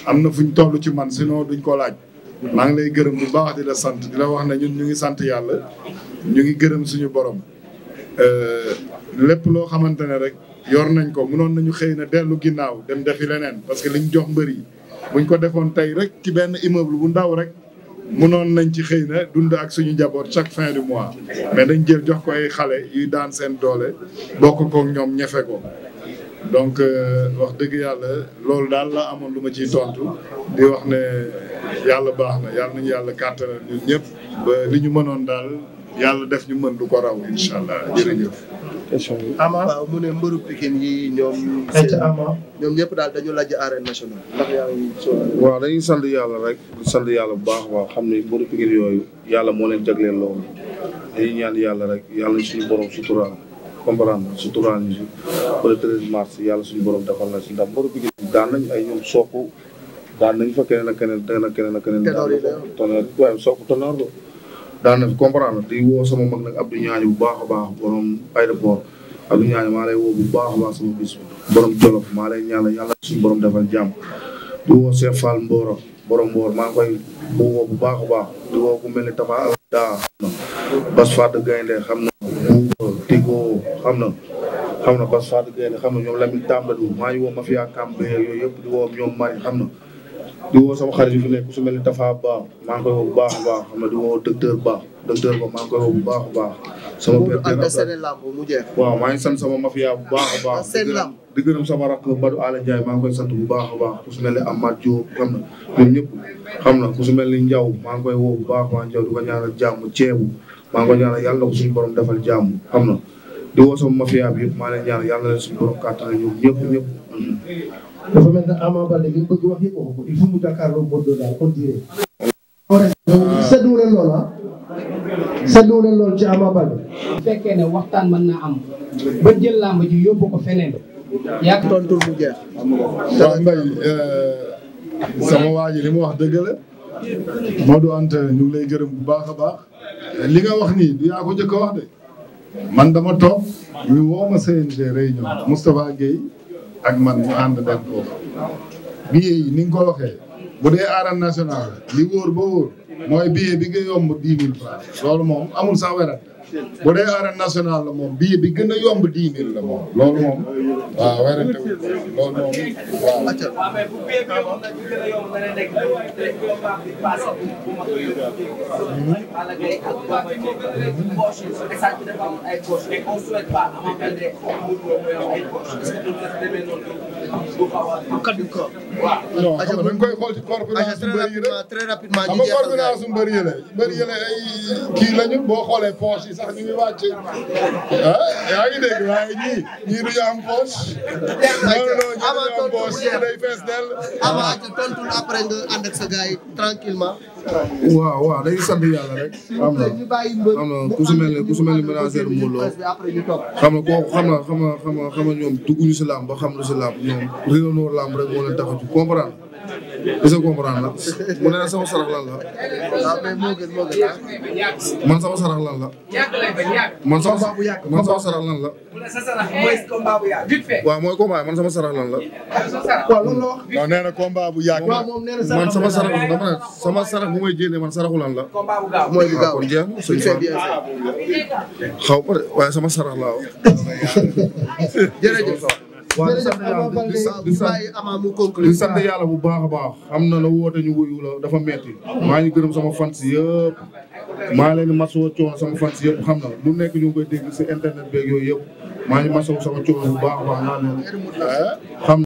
am na fu ñu toll ci man sinon duñ ko laaj maa ngi lay gërëm bu baax di la sant di la wax ne ñun ñu ngi sant yàlla ñu ngi gërëm suñu borom euh, lépp loo xamante ne rek yor nañ ko mënoon nañu xëy na dellu ginnaaw dem defi leneen parce que liñ jox mbari yi buñ ko defoon tey rek ci benn immeuble bu ndaw rek mënoon nañ ci xëy na dund ak suñu njaboot chaque fin du mois mais dañ jël jox ko ay xale yi daan seen doole bokk kook ñoom ñefe ko donc euh, wax dëgg yàlla loolu daal la amoon lu ma ciy tontu di wax ne yàlla baax na yàlla nañu yàlla kàttanal ñun ñëpp ba li ñu mënoon daal yàlla def ñu mën du ko raw incha allah jërëjëf question bi Ama waaw mu ne mbëru yi ñoom. ayca Ama ñoom ñëpp daal dañu lajj arène nationale. ndax yaa ngi waaw dañuy sant yàlla rek di sant yàlla bu baax baax xam ne mbëru Pikine yooyu yàlla moo leen jagleel loolu dañuy ñaan yàlla rek yàlla suñu borom suturaal comprendre suturaal ñu si ba yàlla suñu borom defal na si ndax mbëru Pikine daan nañ ay ñoom soq daan nañ fa keneen a keneen keneen ak keneen ak keneen. tenor yi la yor tenor waaye soq daanaka comprendre di woo sama mag nag Abdou Ñaañ bu baax a baax borom aéroport Abdou Ñaañ maa lay woo bu baax a baax maa lay ñaala yàlla suñu boroom defal jàmm di woo Cheikh Fall Mboro borom Mboro maa ngi bu baax a baax di woo ku mel ni Tafa daa xam na Bas Fatou Gaynde xam na bu Tigo xam na xam na Bas Fatou Gaynde xam na ñoom Lamine Tambadou maa ngi woo Mafia Kambe yooyu yëpp di woo ñoom Mari xam na di woo sama xarit yi fi nekk su mel ni Tafa Ba maa ngi koy woo bu baax a baax xam nga di woo docteur Ba docteur Ba maa ngi koy woo bu baax a baax. sama maa ngi sant sama mafia bu baax a baax. Ah, di gërëm sama rakk Badou Ala Ndiaye maa sant bu baax a baax ku su mel ni Amath Diop xam na xam na ku su mel ni Ndiaw maa ngi koy woo bu baax a baax Ndiaw di ko ñaanal jàmm ceebu maa ngi koy ñaanal yàlla ko suñu xam na di woo sama mafia bi yëpp maa leen ñaanal yàlla leen suñu borom kàttan ñoom ñëpp ñëpp dafa mel ne Ama Baldé li lool ah. ci Ama Baldé. bu waxtaan mën naa am ba jël làmb yóbbu ko feneen. yaakaar tontu mu jeex. Euh, sama waa ji mu wax dëgg la Modou Anta ñu ngi lay gërëm bu baax a baax li nga wax nii du yaa ko njëkk wax de man dama toog ñu woo ma CNG réunion Moustapha Guèye. ak man ñu ànd dem foofu. ni nga ko waxee bu dee arène nationale bi wóor ba wóor mooy billet bi nga yomb dix mille francs moom amul sax bu dee arène la moom bii bi gën a yomb dix mille la moom loolu moom acca mhm. non koy xool ci coordination su mbëri yi rek xam nga coordination su mbëri yi la la ay boo xoolee poche sax ñu ngi wàcc ah yaa ngi dégg waaye ñii ñii du ñu am poche. non non ñii du ñu am poche ñii day fees dell. avant tontul après nga ànd ak sa gars yi tranquillement waaw waaw dañuy sant yàlla rek. xam nga xam nga ku su mel ne ku su mel ne manager Modou Lo xam nga kooku xam nga xam nga xam nga ñoom dugguñu si làmb ba xam lu si làmb ñoom réew loolu làmb rek moo leen tax a comprendre. est-ce que comprendre la sama sarax lan la. man sama sarax lan la. man sama man sama sarax lan la. waaw mooy combat man sama sarax lan la. waaw loolu la wax. bu yàgg. man sama sarax dama ne sama sarax bu may génnee man saraxu lan la. mooy bu gaaw xaw ma waaye sama sarax laa wax. jërëjëf. waaw di sant di sant yàlla bu baax a baax xam na la woote ñu wuyu dafa metti maa ngi gërëm sama fans yëpp maa leen di woo coono sama fans yëpp xam na lu nekk ñu ngi koy si internet beeg yooyu yëpp maa ngi masoo sama coono bu baax a baax naa leen xam